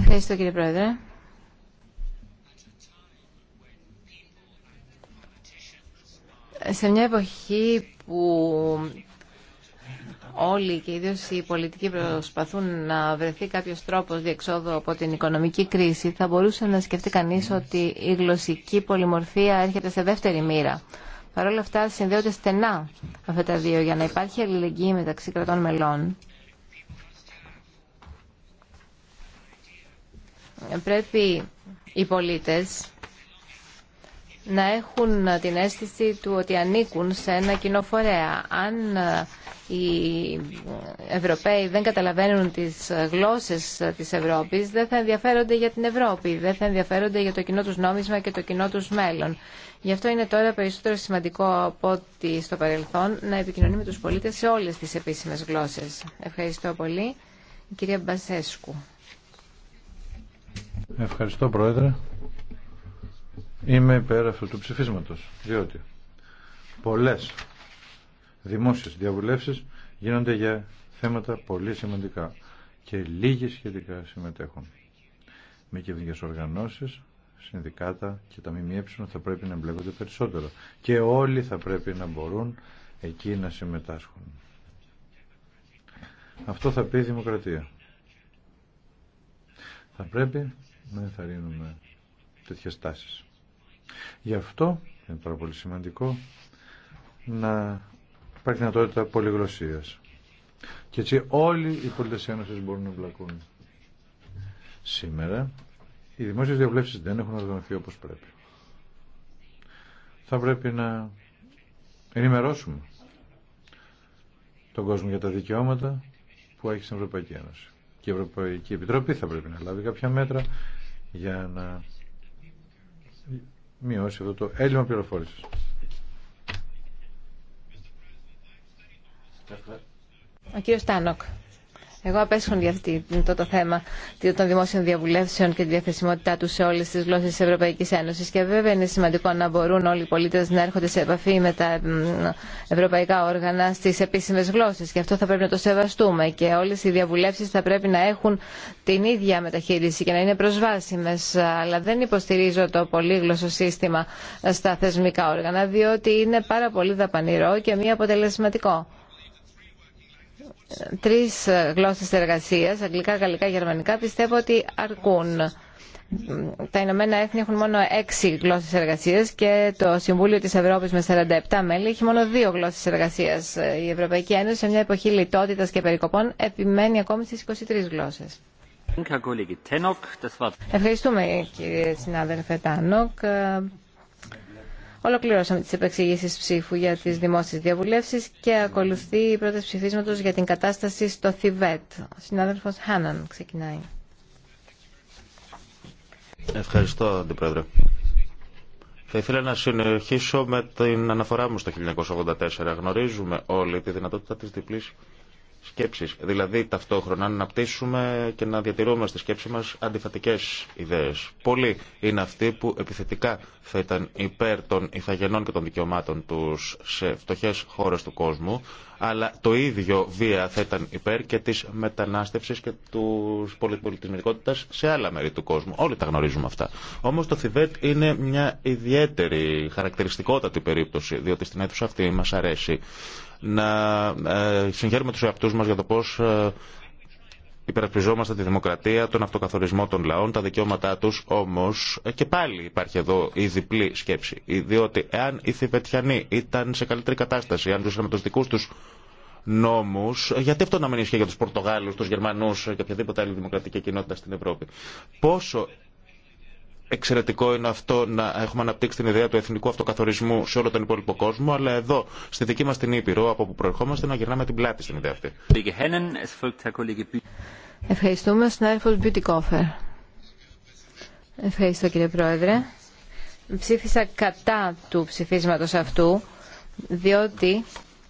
Ευχαριστώ κύριε Πρόεδρε Σε μια εποχή που όλοι και ιδίως οι πολιτικοί προσπαθούν να βρεθεί κάποιος τρόπος διεξόδου από την οικονομική κρίση, θα μπορούσε να σκεφτεί κανείς ότι η γλωσσική πολυμορφία έρχεται σε δεύτερη μοίρα. Παρ' όλα αυτά συνδέονται στενά αυτά τα δύο για να υπάρχει αλληλεγγύη μεταξύ κρατών μελών. Πρέπει οι πολίτες να έχουν την αίσθηση του ότι ανήκουν σε ένα κοινό φορέα. Αν ε, οι Ευρωπαίοι δεν καταλαβαίνουν τις γλώσσες της Ευρώπης, δεν θα ενδιαφέρονται για την Ευρώπη, δεν θα ενδιαφέρονται για το κοινό τους νόμισμα και το κοινό τους μέλλον. Γι' αυτό είναι τώρα περισσότερο σημαντικό από ότι στο παρελθόν να επικοινωνεί με τους πολίτες σε όλες τις επίσημες γλώσσες. Ευχαριστώ πολύ. κυρία Μπασέσκου. Ευχαριστώ Πρόεδρε. Είμαι υπέρ αυτού του ψηφίσματος, διότι πολλές δημόσιες διαβουλεύσεις γίνονται για θέματα πολύ σημαντικά και λίγοι σχετικά συμμετέχουν. Με κυβερνικές οργανώσεις, συνδικάτα και τα ΜΜΕ θα πρέπει να εμπλέκονται περισσότερο και όλοι θα πρέπει να μπορούν εκεί να συμμετάσχουν. Αυτό θα πει η δημοκρατία. Θα πρέπει να ενθαρρύνουμε τέτοιες τάσεις. Γι' αυτό είναι πάρα πολύ σημαντικό να υπάρχει δυνατότητα πολυγλωσσίας. Και έτσι όλοι οι πολίτες Ένωση μπορούν να εμπλακούν. Σήμερα οι δημόσιες διαβλέψεις δεν έχουν οργανωθεί όπως πρέπει. Θα πρέπει να ενημερώσουμε τον κόσμο για τα δικαιώματα που έχει στην Ευρωπαϊκή Ένωση. Και η Ευρωπαϊκή Επιτροπή θα πρέπει να λάβει κάποια μέτρα για να μειώσει αυτό το έλλειμμα πληροφόρησης. Ο κύριος Τάνοκ. Εγώ απέσχουν για αυτό το θέμα των δημόσιων διαβουλεύσεων και τη διαθεσιμότητά του σε όλε τι γλώσσε τη Ευρωπαϊκή Ένωση. Και βέβαια είναι σημαντικό να μπορούν όλοι οι πολίτε να έρχονται σε επαφή με τα ευρωπαϊκά όργανα στι επίσημε γλώσσε. Και αυτό θα πρέπει να το σεβαστούμε. Και όλε οι διαβουλεύσει θα πρέπει να έχουν την ίδια μεταχείριση και να είναι προσβάσιμε. Αλλά δεν υποστηρίζω το πολύγλωσσο σύστημα στα θεσμικά όργανα, διότι είναι πάρα πολύ δαπανηρό και μη αποτελεσματικό τρεις γλώσσες εργασίας, αγγλικά, γαλλικά, γερμανικά, πιστεύω ότι αρκούν. Τα Ηνωμένα Έθνη έχουν μόνο έξι γλώσσες εργασίας και το Συμβούλιο της Ευρώπης με 47 μέλη έχει μόνο δύο γλώσσες εργασίας. Η Ευρωπαϊκή Ένωση σε μια εποχή λιτότητας και περικοπών επιμένει ακόμη στις 23 γλώσσες. Ευχαριστούμε κύριε συνάδελφε Τάνοκ. Ολοκληρώσαμε τις επεξηγήσεις ψήφου για τις δημόσιες διαβουλεύσεις και ακολουθεί η πρώτη ψηφίσματος για την κατάσταση στο Θιβέτ. Ο συνάδελφος Χάναν ξεκινάει. Ευχαριστώ, Αντιπρόεδρε. Θα ήθελα να συνεχίσω με την αναφορά μου στο 1984. Γνωρίζουμε όλοι τη δυνατότητα της διπλής σκέψεις. Δηλαδή ταυτόχρονα να αναπτύσσουμε και να διατηρούμε στη σκέψη μας αντιφατικές ιδέες. Πολλοί είναι αυτοί που επιθετικά θα ήταν υπέρ των ηθαγενών και των δικαιωμάτων τους σε φτωχές χώρες του κόσμου, αλλά το ίδιο βία θα ήταν υπέρ και της μετανάστευσης και του πολυπολιτισμικότητας σε άλλα μέρη του κόσμου. Όλοι τα γνωρίζουμε αυτά. Όμως το Θιβέτ είναι μια ιδιαίτερη χαρακτηριστικότατη περίπτωση, διότι στην αίθουσα αυτή μας αρέσει να ε, συγχαίρουμε τους εαυτούς μας για το πώς ε, υπερασπιζόμαστε τη δημοκρατία, τον αυτοκαθορισμό των λαών, τα δικαιώματά τους, όμως ε, και πάλι υπάρχει εδώ η διπλή σκέψη. Διότι εάν οι Θηβετιανοί ήταν σε καλύτερη κατάσταση, αν ζούσαν με τους δικούς τους νόμου, γιατί αυτό να μην ισχύει για του Πορτογάλου, του Γερμανού και οποιαδήποτε άλλη δημοκρατική κοινότητα στην Ευρώπη. Πόσο εξαιρετικό είναι αυτό να έχουμε αναπτύξει την ιδέα του εθνικού αυτοκαθορισμού σε όλο τον υπόλοιπο κόσμο, αλλά εδώ, στη δική μα την Ήπειρο, από όπου προερχόμαστε, να γυρνάμε την πλάτη στην ιδέα αυτή. Ευχαριστούμε, συνάδελφο Μπιουτικόφερ. Ευχαριστώ, κύριε Πρόεδρε. Ψήφισα κατά του ψηφίσματος αυτού, διότι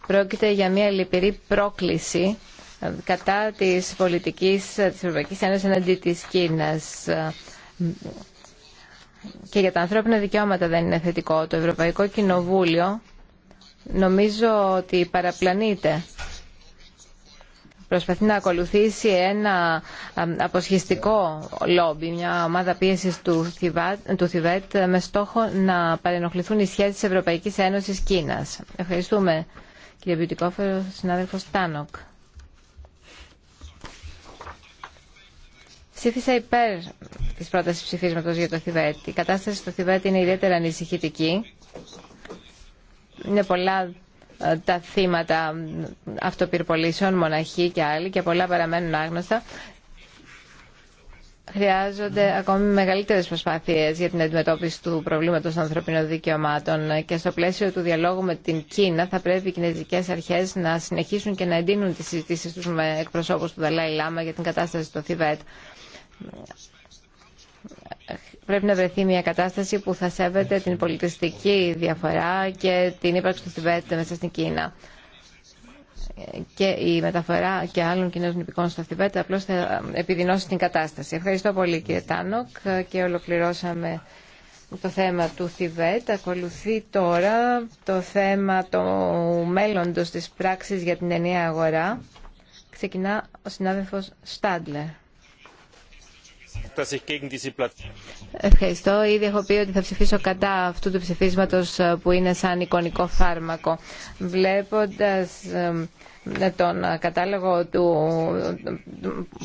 πρόκειται για μια λυπηρή πρόκληση ε, κατά της πολιτικής ε, της Ευρωπαϊκής Ένωσης εναντί της Κίνας και για τα ανθρώπινα δικαιώματα δεν είναι θετικό. Το Ευρωπαϊκό Κοινοβούλιο νομίζω ότι παραπλανείται. Προσπαθεί να ακολουθήσει ένα αποσχιστικό λόμπι, μια ομάδα πίεσης του, του Θιβέτ με στόχο να παρενοχληθούν οι σχέσεις Ευρωπαϊκής Ένωσης-Κίνας. Ευχαριστούμε κύριε Μπιουτικόφερο, συνάδελφος Τάνοκ. Ψήφισα υπέρ τη πρόταση ψηφίσματο για το Θιβέτ. Η κατάσταση στο Θιβέτ είναι ιδιαίτερα ανησυχητική. Είναι πολλά ε, τα θύματα αυτοπυρπολίσεων, μοναχοί και άλλοι και πολλά παραμένουν άγνωστα. Χρειάζονται ακόμη μεγαλύτερε προσπάθειε για την αντιμετώπιση του προβλήματο των ανθρωπίνων δικαιωμάτων και στο πλαίσιο του διαλόγου με την Κίνα θα πρέπει οι κινέζικε αρχέ να συνεχίσουν και να εντείνουν τι συζητήσει του με εκπροσώπου του Δαλάη Λάμα για την κατάσταση στο Θιβέτ πρέπει να βρεθεί μια κατάσταση που θα σέβεται την πολιτιστική διαφορά και την ύπαρξη του Θιβέτ μέσα στην Κίνα. Και η μεταφορά και άλλων κοινών υπηκών στο Θιβέτ απλώς θα επιδεινώσει την κατάσταση. Ευχαριστώ πολύ κύριε Τάνοκ και ολοκληρώσαμε το θέμα του Θιβέτ. Ακολουθεί τώρα το θέμα του μέλλοντος της πράξης για την ενιαία αγορά. Ξεκινά ο συνάδελφος Στάντλερ. Ευχαριστώ. Ήδη έχω πει ότι θα ψηφίσω κατά αυτού του ψηφίσματος ε, που είναι σαν εικονικό φάρμακο. Βλέποντας ε, ε, τον κατάλογο του,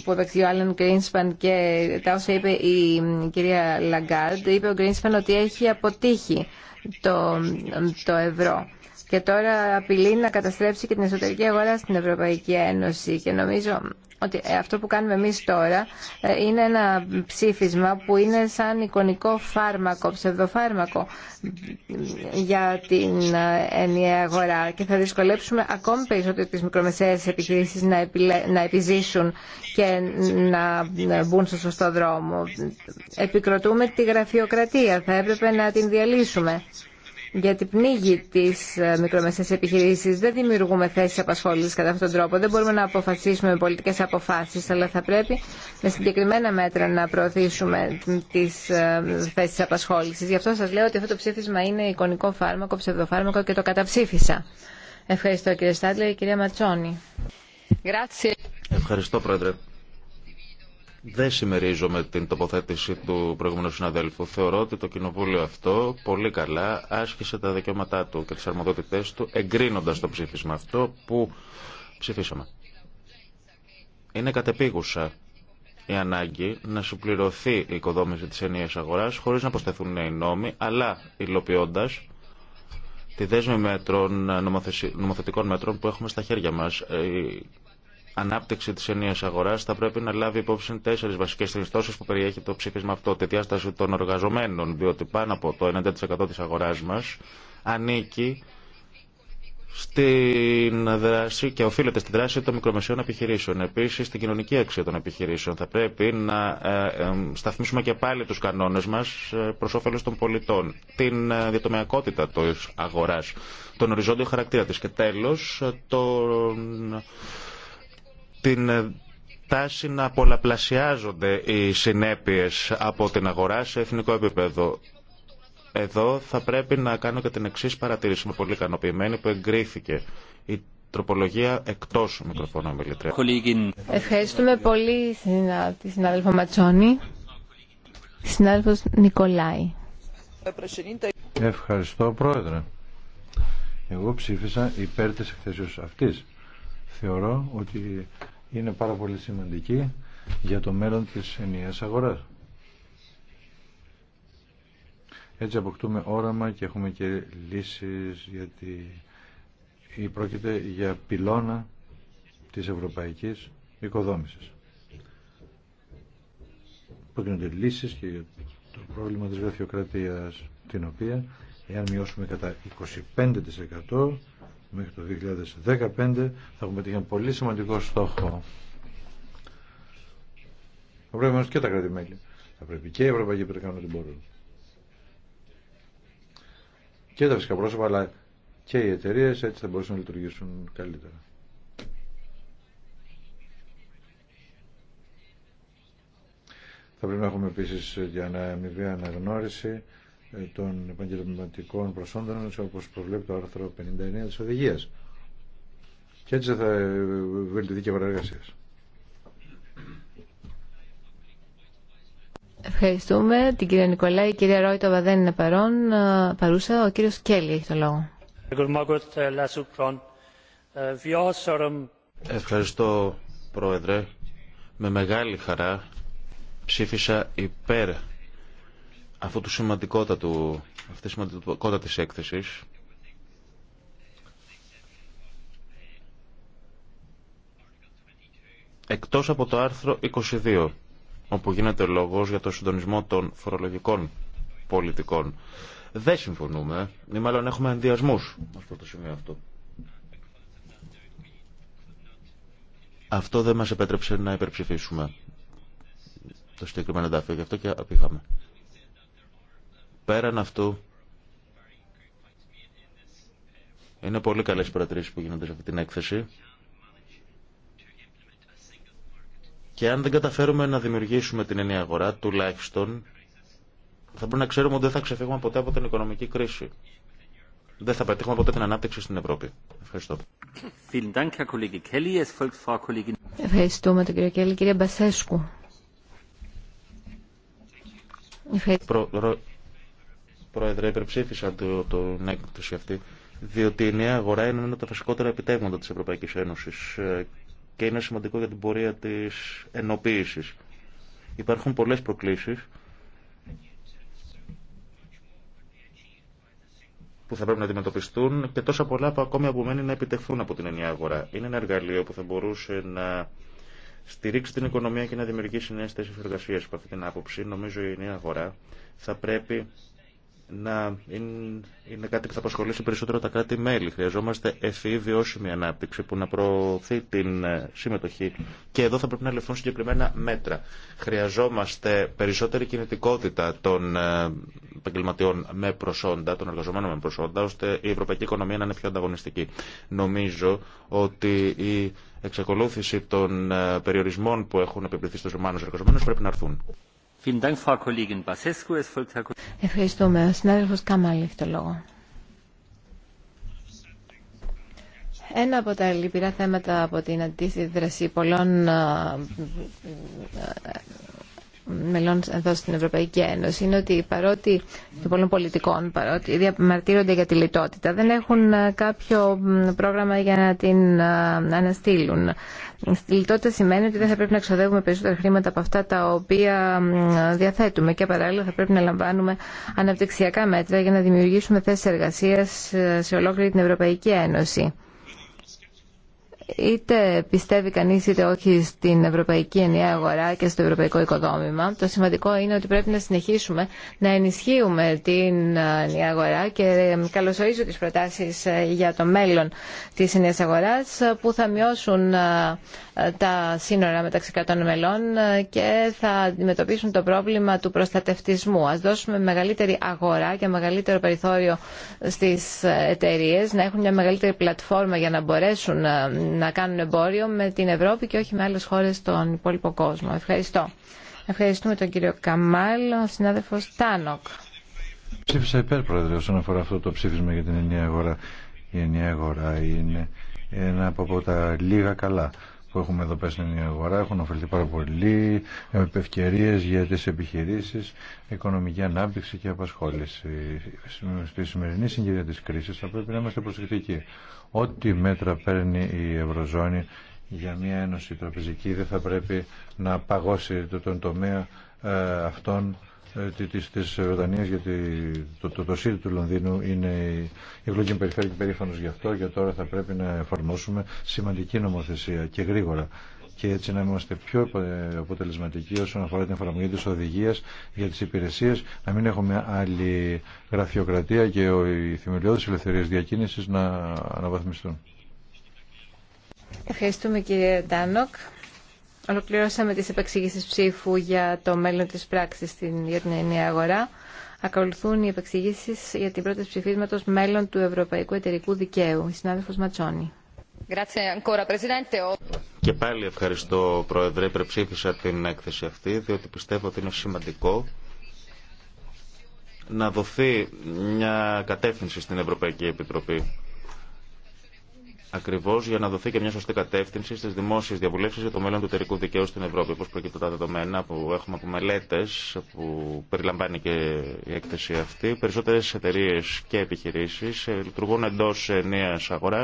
που έπαιξε ο Άλεν Γκρίνσπαν και τα όσα είπε η κυρία Λαγκάρντ, είπε ο Γκρίνσπαν ότι έχει αποτύχει το, το ευρώ και τώρα απειλεί να καταστρέψει και την εσωτερική αγορά στην Ευρωπαϊκή Ένωση και νομίζω ότι ε, αυτό που κάνουμε εμείς τώρα ε, είναι ένα ψήφισμα που είναι σαν εικονικό φάρμακο, ψευδοφάρμακο για την ε, ενιαία αγορά και θα δυσκολέψουμε ακόμη περισσότερο τις μικρομεσαίες επιχειρήσεις να, να επιζήσουν και να μπουν στο σωστό δρόμο. Επικροτούμε τη γραφειοκρατία, θα έπρεπε να την διαλύσουμε γιατί πνίγει τι ε, μικρομεσαίες επιχειρήσει. Δεν δημιουργούμε θέσει απασχόληση κατά αυτόν τον τρόπο. Δεν μπορούμε να αποφασίσουμε με πολιτικέ αποφάσει, αλλά θα πρέπει με συγκεκριμένα μέτρα να προωθήσουμε τι ε, θέσει απασχόληση. Γι' αυτό σα λέω ότι αυτό το ψήφισμα είναι εικονικό φάρμακο, ψευδοφάρμακο και το καταψήφισα. Ευχαριστώ κύριε Στάντλερ. Κυρία Ματσόνη. Ευχαριστώ πρόεδρε. Δεν συμμερίζομαι την τοποθέτηση του προηγούμενου συναδέλφου. Θεωρώ ότι το κοινοβούλιο αυτό πολύ καλά άσκησε τα δικαιώματά του και τις αρμοδότητές του εγκρίνοντας το ψήφισμα αυτό που ψηφίσαμε. Είναι κατεπίγουσα η ανάγκη να συμπληρωθεί η οικοδόμηση της ενιαίας αγοράς χωρίς να προσθέθούν νέοι νόμοι, αλλά υλοποιώντα τη δέσμη μέτρων, νομοθετικών μέτρων που έχουμε στα χέρια μας. Ε, ανάπτυξη τη ενία αγορά θα πρέπει να λάβει υπόψη τέσσερι βασικέ συνιστώσει που περιέχει το ψήφισμα αυτό. Τη διάσταση των εργαζομένων, διότι πάνω από το 90% τη αγορά μα ανήκει στην δράση και οφείλεται στη δράση των μικρομεσαίων επιχειρήσεων. Επίση, στην κοινωνική αξία των επιχειρήσεων. Θα πρέπει να ε, ε, σταθμίσουμε και πάλι του κανόνε μα ε, προ όφελο των πολιτών. Την ε, διατομιακότητα τη αγορά, τον οριζόντιο χαρακτήρα τη και τέλο τον την ε, τάση να πολλαπλασιάζονται οι συνέπειες από την αγορά σε εθνικό επίπεδο. Εδώ θα πρέπει να κάνω και την εξή παρατήρηση. Είμαι πολύ ικανοποιημένη που εγκρίθηκε η τροπολογία εκτός μικροφωνών μιλητρία. Ευχαριστούμε πολύ τη συνάδελφο Ματσόνη. Συνάδελφος Νικολάη. Ευχαριστώ πρόεδρε. Εγώ ψήφισα υπέρ της εκθέσεως αυτής. Θεωρώ ότι είναι πάρα πολύ σημαντική για το μέλλον της ενιαίας αγοράς. Έτσι αποκτούμε όραμα και έχουμε και λύσεις γιατί πρόκειται για πυλώνα της ευρωπαϊκής οικοδόμησης. Πρόκειται λύσεις και το πρόβλημα της γραφειοκρατίας την οποία εάν μειώσουμε κατά 25% μέχρι το 2015 θα έχουμε ένα πολύ σημαντικό στόχο. Θα πρέπει να και τα κρατη Θα πρέπει και η Ευρωπαϊκή Επιτροπή να κάνουν ό,τι μπορούν. Και τα φυσικά πρόσωπα, αλλά και οι εταιρείε έτσι θα μπορούσαν να λειτουργήσουν καλύτερα. Θα πρέπει να έχουμε επίση για να αμοιβή αναγνώριση ε, των επαγγελματικών προσόντων όπως προβλέπει το άρθρο 59 της οδηγίας. Και έτσι θα ε, βελτιωθεί και παραργασία. Ευχαριστούμε την κυρία Νικολάη. Η κυρία Ρόιτοβα δεν είναι παρόν, ε, παρούσα. Ο κύριος Κέλλη έχει το λόγο. Ευχαριστώ, Πρόεδρε. Με μεγάλη χαρά ψήφισα υπέρ αυτό του σημαντικότατου, αυτή τη σημαντικότατη έκθεση. Εκτός από το άρθρο 22, όπου γίνεται λόγος για το συντονισμό των φορολογικών πολιτικών. Δεν συμφωνούμε, ή μάλλον έχουμε ενδιασμούς ω προ το σημείο αυτό. Αυτό δεν μας επέτρεψε να υπερψηφίσουμε το συγκεκριμένο εντάφιο. γι' αυτό και απήχαμε. Πέραν αυτού, είναι πολύ καλές παρατηρήσεις που γίνονται σε αυτή την έκθεση. Και αν δεν καταφέρουμε να δημιουργήσουμε την ενιαία αγορά, τουλάχιστον θα πρέπει να ξέρουμε ότι δεν θα ξεφύγουμε ποτέ από την οικονομική κρίση. Δεν θα πετύχουμε ποτέ την ανάπτυξη στην Ευρώπη. Ευχαριστώ. Ευχαριστούμε τον κύριο Κέλλη. Κύριε Μπασέσκου. Ευχαριστώ. Πρόεδρε, υπερψήφισα το, το, έκδοση ναι, αυτή, διότι η νέα αγορά είναι ένα από τα βασικότερα επιτεύγματα της Ευρωπαϊκής Ένωσης ε, και είναι σημαντικό για την πορεία τη ενοποίησης. Υπάρχουν πολλέ προκλήσει που θα πρέπει να αντιμετωπιστούν και τόσα πολλά που ακόμη απομένει να επιτευχθούν από την ενιαία αγορά. Είναι ένα εργαλείο που θα μπορούσε να στηρίξει την οικονομία και να δημιουργήσει νέε θέσει εργασία. Από αυτή την άποψη, νομίζω η νέα αγορά θα πρέπει να είναι κάτι που θα απασχολήσει περισσότερο τα κράτη-μέλη. Χρειαζόμαστε ευφυή βιώσιμη ανάπτυξη που να προωθεί την ε, συμμετοχή και εδώ θα πρέπει να λεφθούν συγκεκριμένα μέτρα. Χρειαζόμαστε περισσότερη κινητικότητα των ε, επαγγελματιών με προσόντα, των εργαζομένων με προσόντα, ώστε η ευρωπαϊκή οικονομία να είναι πιο ανταγωνιστική. Νομίζω ότι η εξακολούθηση των ε, περιορισμών που έχουν επιβληθεί στους Ρωμανούς εργαζομένους πρέπει να έρθουν. Ευχαριστούμε. Ο συνάδελφος Καμάλ έχει το λόγο. Ένα από τα λυπηρά θέματα από την αντίθεση δράση πολλών ε, μελών εδώ στην Ευρωπαϊκή Ένωση είναι ότι παρότι και πολλών πολιτικών παρότι διαμαρτύρονται για τη λιτότητα δεν έχουν ε, κάποιο πρόγραμμα για να την ε, αναστείλουν. Η λιτότητα σημαίνει ότι δεν θα πρέπει να εξοδεύουμε περισσότερα χρήματα από αυτά τα οποία διαθέτουμε και παράλληλα θα πρέπει να λαμβάνουμε αναπτυξιακά μέτρα για να δημιουργήσουμε θέσεις εργασίας ε, σε ολόκληρη την Ευρωπαϊκή Ένωση είτε πιστεύει κανείς είτε όχι στην ευρωπαϊκή ενιαία αγορά και στο ευρωπαϊκό οικοδόμημα. Το σημαντικό είναι ότι πρέπει να συνεχίσουμε να ενισχύουμε την ενιαία αγορά και καλωσορίζω τις προτάσεις για το μέλλον της ενιαίας αγοράς που θα μειώσουν τα σύνορα μεταξύ κρατών μελών ε, και θα αντιμετωπίσουν το πρόβλημα του προστατευτισμού. Ας δώσουμε μεγαλύτερη αγορά και μεγαλύτερο περιθώριο στις εταιρείε να έχουν μια μεγαλύτερη πλατφόρμα για να μπορέσουν ε, να κάνουν εμπόριο με την Ευρώπη και όχι με άλλες χώρες στον υπόλοιπο κόσμο. Ευχαριστώ. Ευχαριστούμε τον κύριο Καμάλ, ο συνάδελφος Τάνοκ. Ψήφισα υπέρ, Πρόεδρε, όσον αφορά αυτό το ψήφισμα για την ενιαία αγορά. Η ενιαία αγορά είναι ένα από τα λίγα καλά που έχουμε εδώ πέρα στην αγορά έχουν ωφελθεί πάρα πολύ, ευκαιρίε για τι επιχειρήσει, οικονομική ανάπτυξη και απασχόληση. Στη σημερινή συγκυρία τη κρίση θα πρέπει να είμαστε προσεκτικοί. Ό,τι μέτρα παίρνει η Ευρωζώνη για μια ένωση τραπεζική δεν θα πρέπει να παγώσει τον τομέα ε, αυτών ε, της, της γιατί το, το, το του Λονδίνου είναι η εκλογική περιφέρεια και περήφανος γι' αυτό και τώρα θα πρέπει να εφαρμόσουμε σημαντική νομοθεσία και γρήγορα και έτσι να είμαστε πιο ε, αποτελεσματικοί όσον αφορά την εφαρμογή της οδηγίας για τις υπηρεσίες, να μην έχουμε άλλη γραφειοκρατία και οι θεμελιώδεις ελευθερίες διακίνησης να αναβαθμιστούν. Ευχαριστούμε κύριε Ντάνοκ. Ολοκληρώσαμε τις επεξηγήσεις ψήφου για το μέλλον της πράξης για την αγορά. Ακολουθούν οι επεξηγήσεις για την πρώτη ψηφίσματος μέλλον του Ευρωπαϊκού Εταιρικού Δικαίου. Η συνάδελφος Ματσόνη. Και πάλι ευχαριστώ, Πρόεδρε. Υπερψήφισα την έκθεση αυτή, διότι πιστεύω ότι είναι σημαντικό να δοθεί μια κατεύθυνση στην Ευρωπαϊκή Επιτροπή Ακριβώ για να δοθεί και μια σωστή κατεύθυνση στι δημόσιε διαβουλεύσει για το μέλλον του εταιρικού δικαίου στην Ευρώπη. Όπω προκύπτουν τα δεδομένα που έχουμε από μελέτε, που περιλαμβάνει και η έκθεση αυτή, περισσότερε εταιρείε και επιχειρήσει λειτουργούν εντό ε, νέα αγορά,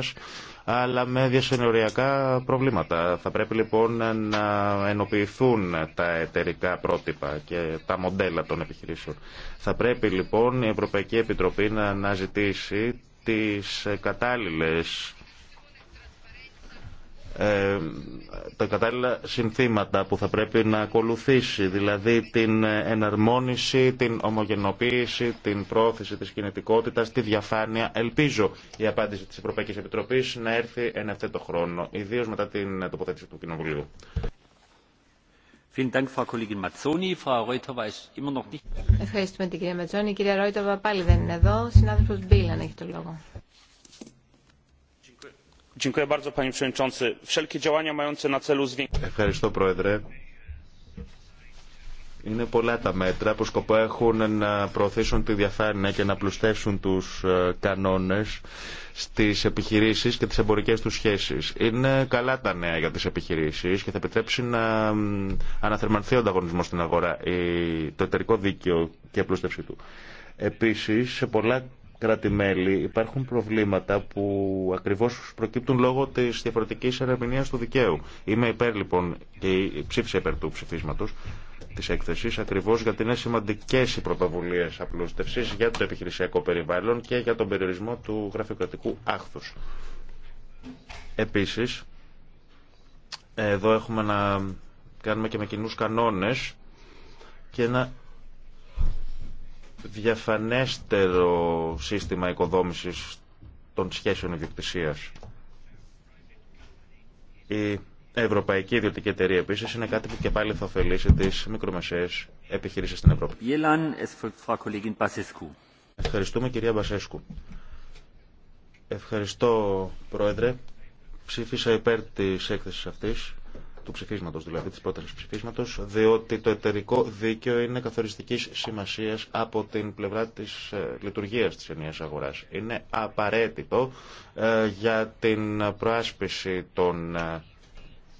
αλλά με διασυνοριακά προβλήματα. Θα πρέπει λοιπόν να ενοποιηθούν τα εταιρικά πρότυπα και τα μοντέλα των επιχειρήσεων. Θα πρέπει λοιπόν η Ευρωπαϊκή Επιτροπή να αναζητήσει τις κατάλληλες ε, τα κατάλληλα συνθήματα που θα πρέπει να ακολουθήσει, δηλαδή την εναρμόνιση, την ομογενοποίηση, την πρόθεση της κινητικότητας, τη διαφάνεια. Ελπίζω η απάντηση της Ευρωπαϊκής Επιτροπής να έρθει εν το χρόνο, ιδίως μετά την τοποθέτηση του Κοινοβουλίου. Ευχαριστούμε την κυρία Ματσόνη. Η κυρία Ρόιτοβα πάλι δεν είναι εδώ. Συνάδελφος Μπίλαν έχει το λόγο. Ευχαριστώ, Πρόεδρε. Είναι πολλά τα μέτρα που σκοπό έχουν να προωθήσουν τη διαφάνεια και να πλουστεύσουν τους ε, κανόνες στις επιχειρήσεις και τις εμπορικές τους σχέσεις. Είναι καλά τα νέα για τις επιχειρήσεις και θα επιτρέψει να αναθερμανθεί ο ανταγωνισμό στην αγορά, το εταιρικό δίκαιο και η πλουστεύση του. Επίσης, σε πολλά κράτη-μέλη υπάρχουν προβλήματα που ακριβώς προκύπτουν λόγω της διαφορετικής ερμηνεία του δικαίου. Είμαι υπέρ λοιπόν και ψήφισα υπέρ του ψηφίσματος της έκθεσης ακριβώς γιατί είναι σημαντικές οι πρωτοβουλίες απλούστευσης για το επιχειρησιακό περιβάλλον και για τον περιορισμό του γραφειοκρατικού άχθους. Επίσης, εδώ έχουμε να κάνουμε και με κοινού κανόνες και να διαφανέστερο σύστημα οικοδόμησης των σχέσεων ιδιοκτησίας. Η Ευρωπαϊκή Ιδιωτική Εταιρεία επίση είναι κάτι που και πάλι θα ωφελήσει τι μικρομεσαίε επιχειρήσει στην Ευρώπη. Ευχαριστούμε κυρία Μπασέσκου. Ευχαριστώ πρόεδρε. Ψήφισα υπέρ τη έκθεση αυτή του ψηφίσματος, δηλαδή της πρότασης ψηφίσματος, διότι το εταιρικό δίκαιο είναι καθοριστικής σημασίας από την πλευρά της ε, λειτουργίας της ενιαίας αγοράς. Είναι απαραίτητο ε, για την προάσπιση των ε,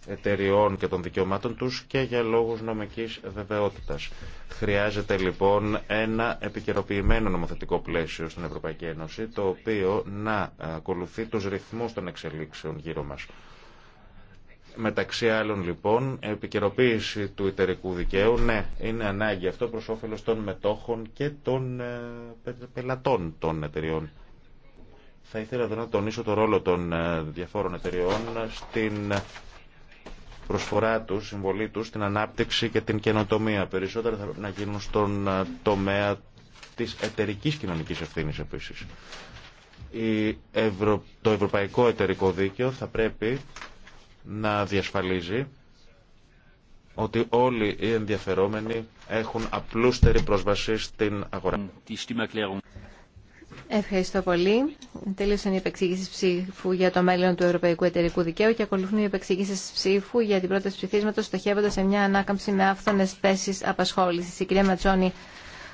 εταιριών και των δικαιωμάτων τους και για λόγους νομικής βεβαιότητας. Χρειάζεται λοιπόν ένα επικαιροποιημένο νομοθετικό πλαίσιο στην Ευρωπαϊκή Ένωση, το οποίο να ακολουθεί τους ρυθμούς των εξελίξεων γύρω μας. Μεταξύ άλλων λοιπόν, επικαιροποίηση του εταιρικού δικαίου, ναι, είναι ανάγκη αυτό προς όφελος των μετόχων και των ε, πελατών των εταιριών. Θα ήθελα εδώ να τονίσω το ρόλο των ε, διαφόρων εταιριών στην προσφορά τους, συμβολή τους, στην ανάπτυξη και την καινοτομία. Περισσότερα θα πρέπει να γίνουν στον ε, τομέα της εταιρικής κοινωνικής ευθύνης επίσης. Το Ευρωπαϊκό Εταιρικό Δίκαιο θα πρέπει να διασφαλίζει ότι όλοι οι ενδιαφερόμενοι έχουν απλούστερη πρόσβαση στην αγορά. Ευχαριστώ πολύ. Τέλειωσαν οι επεξηγήσει ψήφου για το μέλλον του Ευρωπαϊκού Εταιρικού Δικαίου και ακολουθούν οι επεξηγήσει ψήφου για την πρόταση ψηφίσματο στοχεύοντα σε μια ανάκαμψη με άφθονε θέσει απασχόληση. Η κυρία Ματσόνη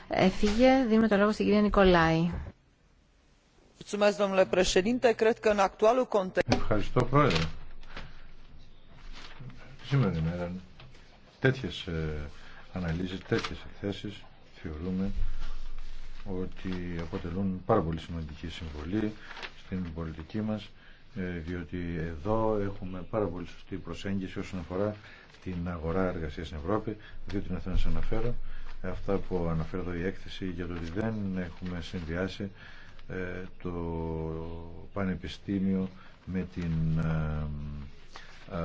έφυγε. Δίνουμε το λόγο στην κυρία Νικολάη. Ευχαριστώ, Πρόεδρε σήμερα ημέρα τέτοιες ε, αναλύσεις, τέτοιες εκθέσεις θεωρούμε ότι αποτελούν πάρα πολύ σημαντική συμβολή στην πολιτική μας ε, διότι εδώ έχουμε πάρα πολύ σωστή προσέγγιση όσον αφορά την αγορά εργασίας στην Ευρώπη διότι να θέλω να σας αναφέρω αυτά που αναφέρω εδώ η έκθεση για το ότι δεν έχουμε συνδυάσει ε, το πανεπιστήμιο με την ε,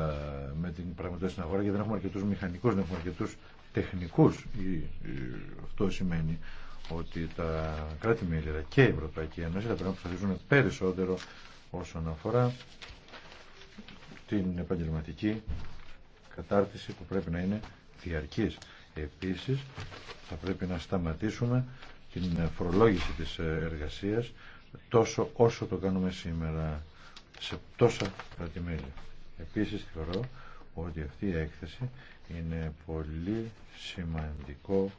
με την πραγματικότητα στην αγορά γιατί δεν έχουμε αρκετούς μηχανικούς, δεν έχουμε αρκετούς τεχνικούς. Αυτό σημαίνει ότι τα κράτη-μέλη και η Ευρωπαϊκή Ένωση θα πρέπει να προσπαθήσουν περισσότερο όσον αφορά την επαγγελματική κατάρτιση που πρέπει να είναι διαρκής. Επίσης θα πρέπει να σταματήσουμε την φορολόγηση της εργασίας τόσο όσο το κάνουμε σήμερα σε τόσα Επίσης θεωρώ ότι αυτή η έκθεση είναι πολύ σημαντικό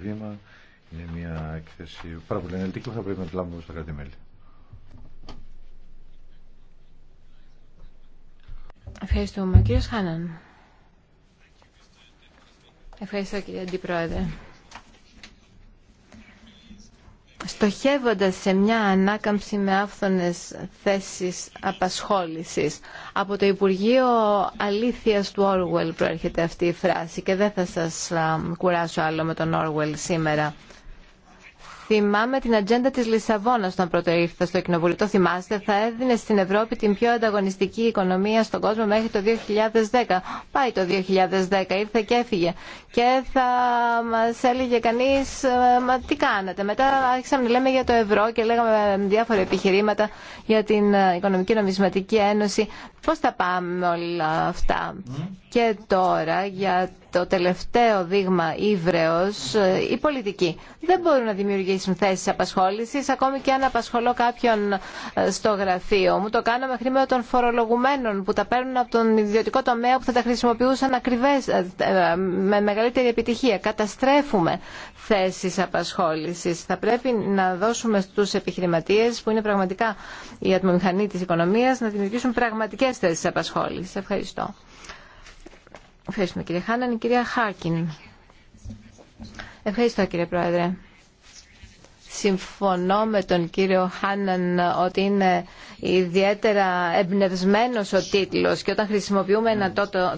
βήμα. Είναι μια έκθεση πάρα πολύ ενεργητική που θα πρέπει να τη λάβουμε στα κράτη-μέλη. Ευχαριστούμε. Κύριος Χάναν. Ευχαριστώ κύριε Αντιπρόεδρε στοχεύοντας σε μια ανάκαμψη με άφθονες θέσεις απασχόλησης. Από το Υπουργείο Αλήθειας του Όρουελ προέρχεται αυτή η φράση και δεν θα σας κουράσω άλλο με τον Όρουελ σήμερα. Θυμάμαι την ατζέντα της Λισαβόνα όταν πρώτο ήρθα στο Κοινοβούλιο. Το θυμάστε, θα έδινε στην Ευρώπη την πιο ανταγωνιστική οικονομία στον κόσμο μέχρι το 2010. Πάει το 2010, ήρθε και έφυγε. Και θα μας έλεγε κανείς, ε, μα τι κάνατε. Μετά άρχισαμε να λέμε για το ευρώ και λέγαμε διάφορα επιχειρήματα για την ε, Οικονομική Νομισματική Ένωση. Πώς θα πάμε όλα αυτά. Και τώρα για το τελευταίο δείγμα ύβρεο, ε, οι πολιτικοί. Δεν μπορούν να δημιουργήσουν θέσει απασχόληση, ακόμη και αν απασχολώ κάποιον ε, στο γραφείο μου. Το κάνω με χρήματα των φορολογουμένων που τα παίρνουν από τον ιδιωτικό τομέα που θα τα χρησιμοποιούσαν ε, με μεγαλύτερη επιτυχία. Καταστρέφουμε θέσει απασχόληση. Θα πρέπει να δώσουμε στου επιχειρηματίε που είναι πραγματικά η ατμομηχανή τη οικονομία, να δημιουργήσουν πραγματικέ θέσει απασχόληση. Ευχαριστώ. Ευχαριστούμε κύριε Χάναν. Η κυρία Χάρκιν. Ευχαριστώ κύριε Πρόεδρε. Συμφωνώ με τον κύριο Χάναν ότι είναι ιδιαίτερα εμπνευσμένο ο τίτλος και όταν χρησιμοποιούμε ένα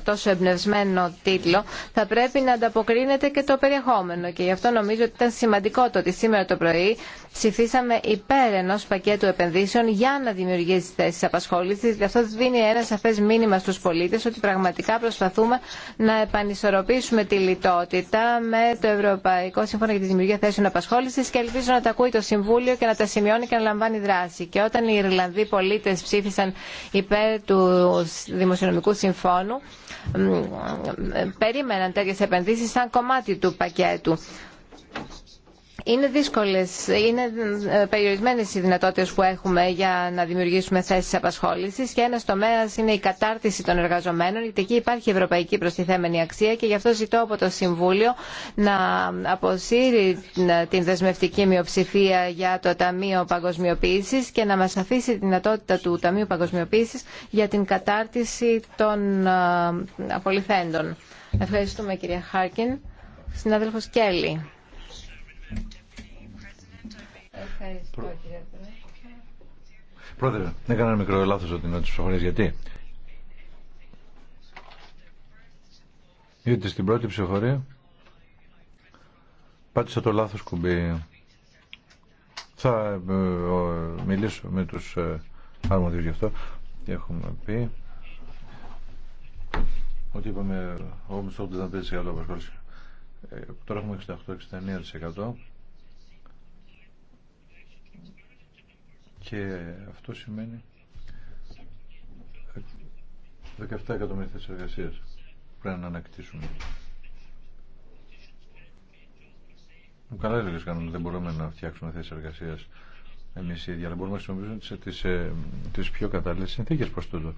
τόσο εμπνευσμένο τίτλο θα πρέπει να ανταποκρίνεται και το περιεχόμενο και γι' αυτό νομίζω ότι ήταν σημαντικό το ότι σήμερα το πρωί ψηφίσαμε υπέρ ενός πακέτου επενδύσεων για να δημιουργήσει θέσεις απασχόλησης. Αυτό δίνει ένα σαφές μήνυμα στους πολίτες ότι πραγματικά προσπαθούμε να επανισορροπήσουμε τη λιτότητα με το Ευρωπαϊκό Σύμφωνο για τη Δημιουργία Θέσεων Απασχόλησης και ελπίζω να τα ακούει το Συμβούλιο και να τα σημειώνει και να λαμβάνει δράση. Και όταν οι Ιρλανδοί πολίτες ψήφισαν υπέρ του Δημοσιονομικού Συμφώνου, περίμεναν τέτοιε επενδύσεις σαν κομμάτι του πακέτου. Είναι δύσκολε. είναι ε, περιορισμένε οι δυνατότητε που έχουμε για να δημιουργήσουμε θέσεις απασχόληση. και ένα τομέα είναι η κατάρτιση των εργαζομένων, γιατί εκεί υπάρχει ευρωπαϊκή προστιθέμενη αξία και γι' αυτό ζητώ από το Συμβούλιο να αποσύρει ε, την δεσμευτική μειοψηφία για το Ταμείο παγκοσμιοποίηση και να μα αφήσει τη δυνατότητα του Ταμείου παγκοσμιοποίηση για την κατάρτιση των ε, απολυθέντων. Ευχαριστούμε κυρία Χάρκιν. Συνάδελφος Κέλλη. Ευχαριστώ, Πρόεδρε, δεν ναι, έκανα μικρό λάθος ότι είναι ψηφοφορίες. Γιατί? Γιατί στην πρώτη ψηφοφορία πάτησα το λάθος κουμπί. Θα ε, μιλήσω με τους ε, αρμοδίους γι' αυτό. Και έχουμε πει ότι είπαμε 80-85% τωρα ε, Τώρα έχουμε 68-69%. Και αυτό σημαίνει 17 εκατομμύρια θέσεις εργασίας πρέπει να ανακτήσουμε. Καλά έλεγες ότι δεν μπορούμε να φτιάξουμε θέσεις εργασίας εμείς οι ίδιοι, αλλά μπορούμε να χρησιμοποιήσουμε τις, τις, ε, πιο κατάλληλες συνθήκες προς τούτο.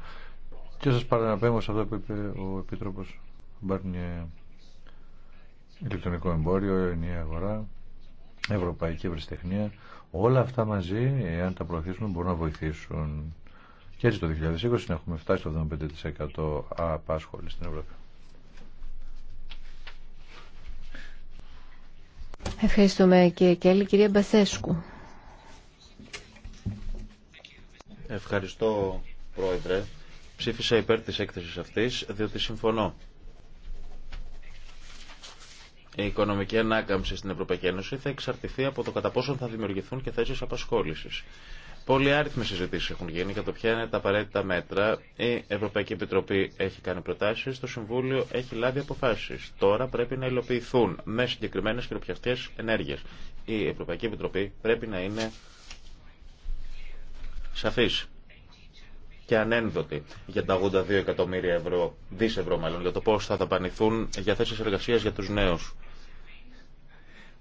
Και σας παραπέμπω σε αυτό που είπε ο Επίτροπος Μπάρνιε ηλεκτρονικό εμπόριο, ενιαία αγορά, ευρωπαϊκή ευρεσιτεχνία, όλα αυτά μαζί, εάν τα προωθήσουμε, μπορούν να βοηθήσουν. Και έτσι το 2020 έχουμε φτάσει στο 75% απάσχολη στην Ευρώπη. Ευχαριστούμε κύριε Κέλλη. Κυρία Μπαθέσκου. Ευχαριστώ πρόεδρε. Ψήφισα υπέρ της έκθεσης αυτής διότι συμφωνώ η οικονομική ανάκαμψη στην Ευρωπαϊκή Ένωση θα εξαρτηθεί από το κατά πόσο θα δημιουργηθούν και θέσει απασχόληση. Πολλοί άριθμε συζητήσει έχουν γίνει για το ποια είναι τα απαραίτητα μέτρα. Η Ευρωπαϊκή Επιτροπή έχει κάνει προτάσει, το Συμβούλιο έχει λάβει αποφάσει. Τώρα πρέπει να υλοποιηθούν με συγκεκριμένε χειροπιαστέ ενέργειε. Η Ευρωπαϊκή Επιτροπή πρέπει να είναι σαφή και ανένδοτη για τα 82 εκατομμύρια ευρώ, δις ευρώ μάλλον, για το πώ θα δαπανηθούν για θέσει εργασία για του νέου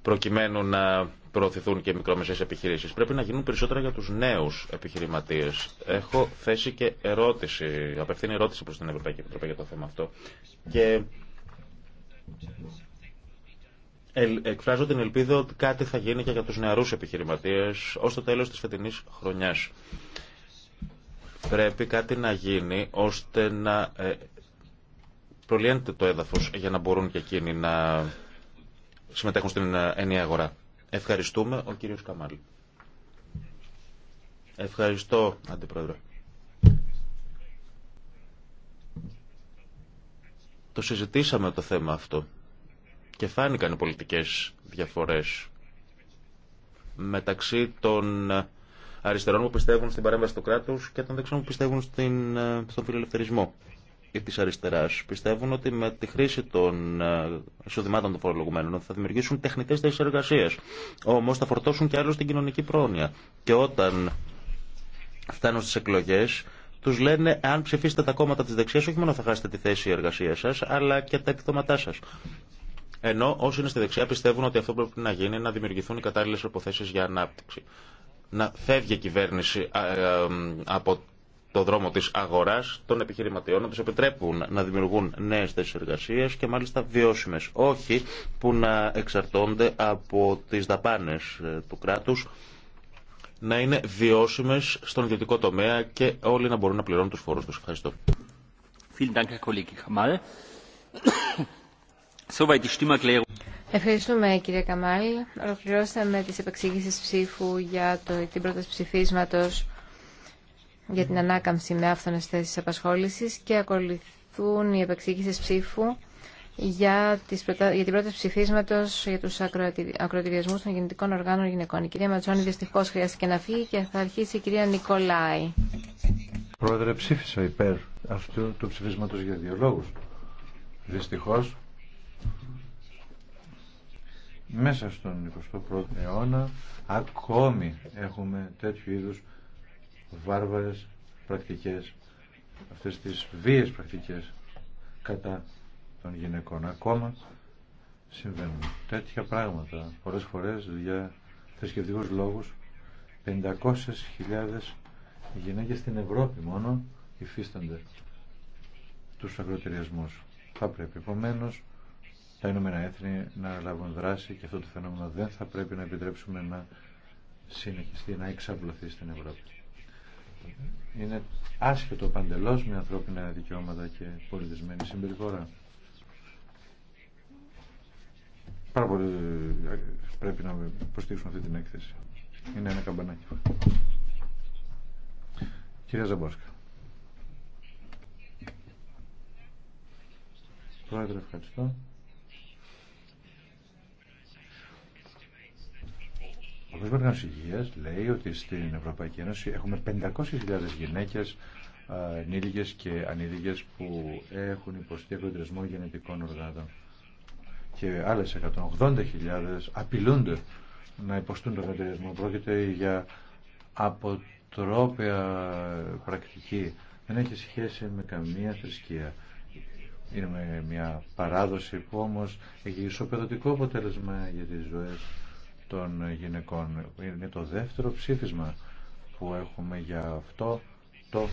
προκειμένου να προωθηθούν και μικρομεσαίες επιχειρήσεις. Πρέπει να γίνουν περισσότερα για τους νέους επιχειρηματίες. Έχω θέσει και ερώτηση, απευθύνει ερώτηση προς την Ευρωπαϊκή Επιτροπή για το θέμα αυτό. Και εκφράζω την ελπίδα ότι κάτι θα γίνει και για τους νεαρούς επιχειρηματίες ως το τέλος της φετινής χρονιάς. Πρέπει κάτι να γίνει ώστε να ε, προλύνεται το έδαφος για να μπορούν και εκείνοι να συμμετέχουν στην ε, ενιαία αγορά. Ευχαριστούμε. Ο κύριος Καμάλ. Ευχαριστώ, Αντιπρόεδρε. Το συζητήσαμε το θέμα αυτό και φάνηκαν οι πολιτικές διαφορές μεταξύ των αριστερών που πιστεύουν στην παρέμβαση του κράτους και των δεξιών που πιστεύουν στην, ε, στον φιλελευθερισμό και της αριστεράς πιστεύουν ότι με τη χρήση των ε, εισοδημάτων των φορολογουμένων θα δημιουργήσουν τεχνητέ θέσει εργασία. Όμω θα φορτώσουν και άλλο στην κοινωνική πρόνοια. Και όταν φτάνουν στι εκλογέ, του λένε αν ψηφίσετε τα κόμματα τη δεξιά, όχι μόνο θα χάσετε τη θέση εργασία σα, αλλά και τα επιδόματά σα. Ενώ όσοι είναι στη δεξιά πιστεύουν ότι αυτό πρέπει να γίνει να δημιουργηθούν οι κατάλληλε προποθέσει για ανάπτυξη. Να φεύγει η κυβέρνηση ε, ε, από το δρόμο της αγοράς των επιχειρηματιών, να τους επιτρέπουν να δημιουργούν νέες θέσει και μάλιστα βιώσιμες, όχι που να εξαρτώνται από τις δαπάνες ε, του κράτους, να είναι βιώσιμες στον ιδιωτικό τομέα και όλοι να μπορούν να πληρώνουν τους φόρους τους. Ευχαριστώ. Ευχαριστούμε κύριε Καμάλ. Ολοκληρώσαμε τις επεξήγησεις ψήφου για το, την πρόταση ψηφίσματος για την ανάκαμψη με άφθονες θέσεις απασχόλησης και ακολουθούν οι επεξήγησεις ψήφου για, τις για την πρώτη ψηφίσματος για του ακροτηριασμού των γεννητικών οργάνων γυναικών. Η κυρία Ματσόνη δυστυχώ χρειάστηκε να φύγει και θα αρχίσει η κυρία Νικολάη. Πρόεδρε, ψήφισα υπέρ αυτού του ψηφίσματο για δύο λόγου. Δυστυχώ, μέσα στον 21ο αιώνα ακόμη έχουμε τέτοιου είδου βάρβαρες πρακτικές, αυτές τις βίες πρακτικές κατά των γυναικών. Ακόμα συμβαίνουν τέτοια πράγματα, πολλές φορές για θρησκευτικού λόγους, 500.000 γυναίκες στην Ευρώπη μόνο υφίστανται τους αγροτηριασμούς. Θα πρέπει επομένω τα Ηνωμένα Έθνη να λάβουν δράση και αυτό το φαινόμενο δεν θα πρέπει να επιτρέψουμε να συνεχιστεί, να εξαπλωθεί στην Ευρώπη είναι άσχετο παντελώ με ανθρώπινα δικαιώματα και πολιτισμένη συμπεριφορά. Πάρα πολύ ε, πρέπει να προστίξουμε αυτή την έκθεση. Είναι ένα καμπανάκι. Κυρία Ζαμπόσκα. Πρόεδρε, ευχαριστώ. Ο Οργανό Υγεία λέει ότι στην Ευρωπαϊκή Ένωση έχουμε 500.000 γυναίκε ανήλικες και ανήλικε που έχουν υποστεί εκδοτηρισμό γενετικών οργάνων. Και άλλε 180.000 απειλούνται να υποστούν τον εκδοτηρισμό. Πρόκειται για αποτρόπια πρακτική. Δεν έχει σχέση με καμία θρησκεία. Είναι μια παράδοση που όμως έχει ισοπεδωτικό αποτέλεσμα για τις ζωές των γυναικών. Είναι το δεύτερο ψήφισμα που έχουμε για αυτό το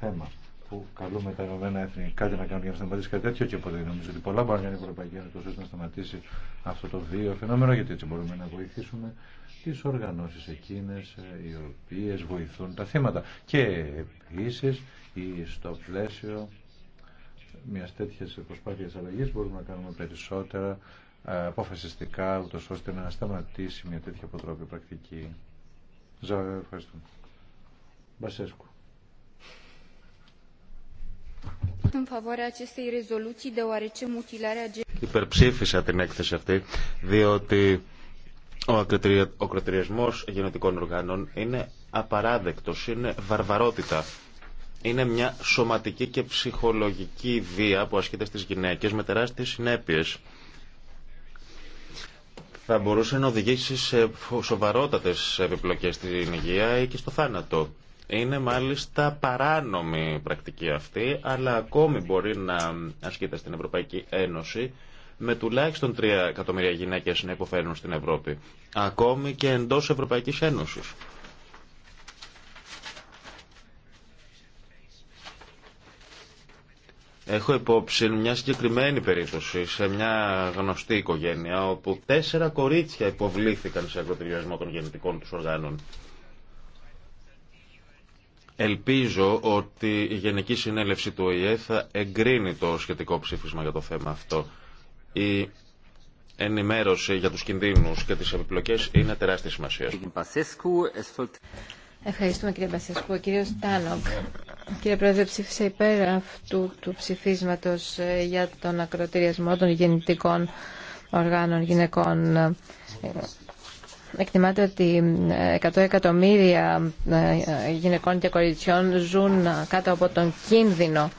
θέμα που καλούμε τα Ηνωμένα Έθνη κάτι να κάνουν για να σταματήσει κάτι τέτοιο και ποτέ νομίζω ότι πολλά μπορεί να κάνει η Ευρωπαϊκή Ένωση να σταματήσει αυτό το βίο φαινόμενο γιατί έτσι μπορούμε να βοηθήσουμε τις οργανώσει εκείνε, ε, οι οποίε βοηθούν τα θύματα και επίση στο πλαίσιο μια τέτοια προσπάθεια αλλαγή μπορούμε να κάνουμε περισσότερα ε, αποφασιστικά ούτω ώστε να σταματήσει μια τέτοια αποτρόπια πρακτική. Ζάβε, ευχαριστώ. Μπασέσκου. Υπερψήφισα την έκθεση αυτή, διότι ο κριτηριασμός γενετικών οργάνων είναι απαράδεκτος, είναι βαρβαρότητα. Είναι μια σωματική και ψυχολογική βία που ασκείται στις γυναίκες με τεράστιες συνέπειες θα μπορούσε να οδηγήσει σε σοβαρότατες επιπλοκές στην υγεία ή και στο θάνατο. Είναι μάλιστα παράνομη πρακτική αυτή, αλλά ακόμη μπορεί να ασκείται στην Ευρωπαϊκή Ένωση με τουλάχιστον 3 εκατομμύρια γυναίκες να υποφέρουν στην Ευρώπη, ακόμη και εντός Ευρωπαϊκής Ένωσης. Έχω υπόψη μια συγκεκριμένη περίπτωση σε μια γνωστή οικογένεια όπου τέσσερα κορίτσια υποβλήθηκαν σε ακροτηριασμό των γεννητικών τους οργάνων. Ελπίζω ότι η Γενική Συνέλευση του ΟΗΕ θα εγκρίνει το σχετικό ψήφισμα για το θέμα αυτό. Η ενημέρωση για τους κινδύνους και τις επιπλοκές είναι τεράστια σημασία. Ευχαριστούμε κύριε Μπασέσκου. Ο κύριος Τάνοκ. Κύριε Πρόεδρε, ψήφισα υπέρ αυτού του ψηφίσματο ε, για τον ακροτηριασμό των γεννητικών οργάνων γυναικών. Ε, εκτιμάται ότι 100 ε, εκατομμύρια γυναικών και κοριτσιών ζουν κάτω από τον κίνδυνο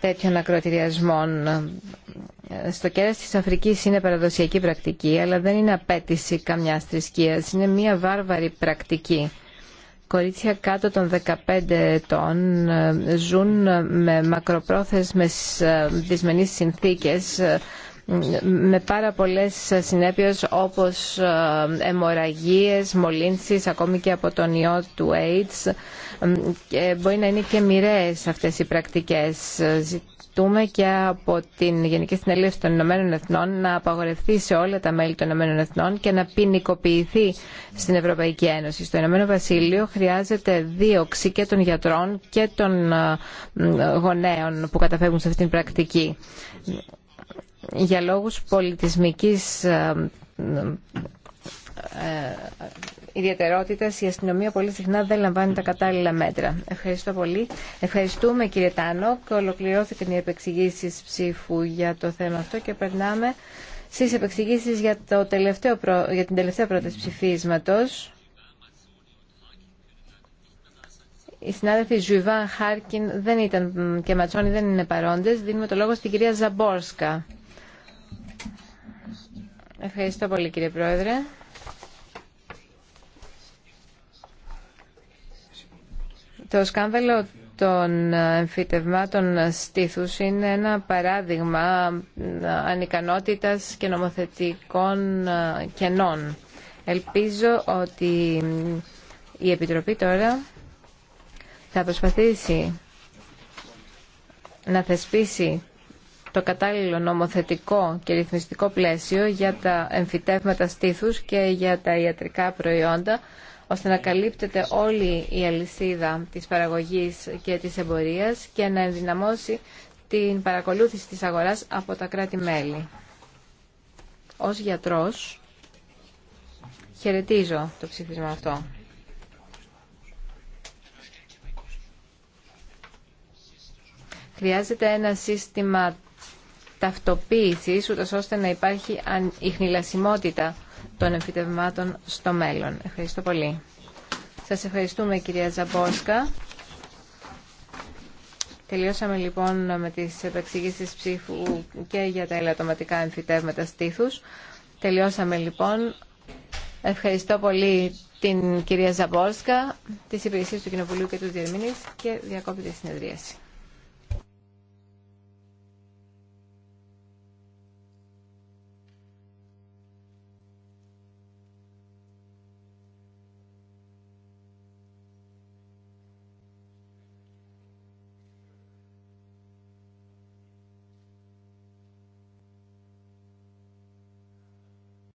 τέτοιων ακροτηριασμών. Στο κέρας της Αφρικής είναι παραδοσιακή πρακτική, αλλά δεν είναι απέτηση καμιάς θρησκείας. Είναι μια βάρβαρη πρακτική κορίτσια κάτω των 15 ετών ε, ζουν ε, με μακροπρόθεσμες ε, δυσμενείς συνθήκες με πάρα πολλές συνέπειες όπως αιμορραγίες, μολύνσεις, ακόμη και από τον ιό του AIDS. Και μπορεί να είναι και μοιραίες αυτές οι πρακτικές. Ευχαριστούμε και από την Γενική Συνέλευση των Ηνωμένων Εθνών να απαγορευτεί σε όλα τα μέλη των Ηνωμένων Εθνών και να ποινικοποιηθεί στην Ευρωπαϊκή Ένωση. Στο Ηνωμένο Βασίλειο χρειάζεται δίωξη και των γιατρών και των ε, γονέων που καταφεύγουν σε αυτήν την πρακτική. Για λόγους πολιτισμικής ε, ε, Ιδιαίτεροτητα η αστυνομία πολύ συχνά δεν λαμβάνει τα κατάλληλα μέτρα. Ευχαριστώ πολύ. Ευχαριστούμε κύριε και Ολοκληρώθηκαν οι επεξηγήσει ψήφου για το θέμα αυτό και περνάμε στι επεξηγήσει για, το για την τελευταία πρόταση ψηφίσματο. Οι συνάδελφοι Ζουιβάν, Χάρκιν δεν ήταν και Ματσόνη δεν είναι παρόντε. Δίνουμε το λόγο στην κυρία Ζαμπόρσκα. Ευχαριστώ πολύ κύριε Πρόεδρε. Το σκάνδαλο των εμφυτευμάτων στήθους είναι ένα παράδειγμα ε, ανικανότητας και νομοθετικών ε, κενών. Ελπίζω ότι ε, η Επιτροπή τώρα θα προσπαθήσει να θεσπίσει το κατάλληλο νομοθετικό και ρυθμιστικό πλαίσιο για τα εμφυτεύματα στήθους και για τα ιατρικά προϊόντα ώστε να καλύπτεται όλη η αλυσίδα της παραγωγής και της εμπορίας και να ενδυναμώσει την παρακολούθηση της αγοράς από τα κράτη-μέλη. Ως γιατρός χαιρετίζω το ψήφισμα αυτό. Χρειάζεται ένα σύστημα ταυτοποίησης, ούτως ώστε να υπάρχει ιχνηλασιμότητα των εμφυτευμάτων στο μέλλον. Ευχαριστώ πολύ. Σας ευχαριστούμε κυρία Τζαμπόσκα. Τελειώσαμε λοιπόν με τις επεξηγήσεις ψήφου και για τα ελαττωματικά εμφυτεύματα στήθους. Τελειώσαμε λοιπόν. Ευχαριστώ πολύ την κυρία Ζαμπόσκα, τις υπηρεσίες του Κοινοβουλίου και του Διερμήνης και διακόπτη τη συνεδρίαση.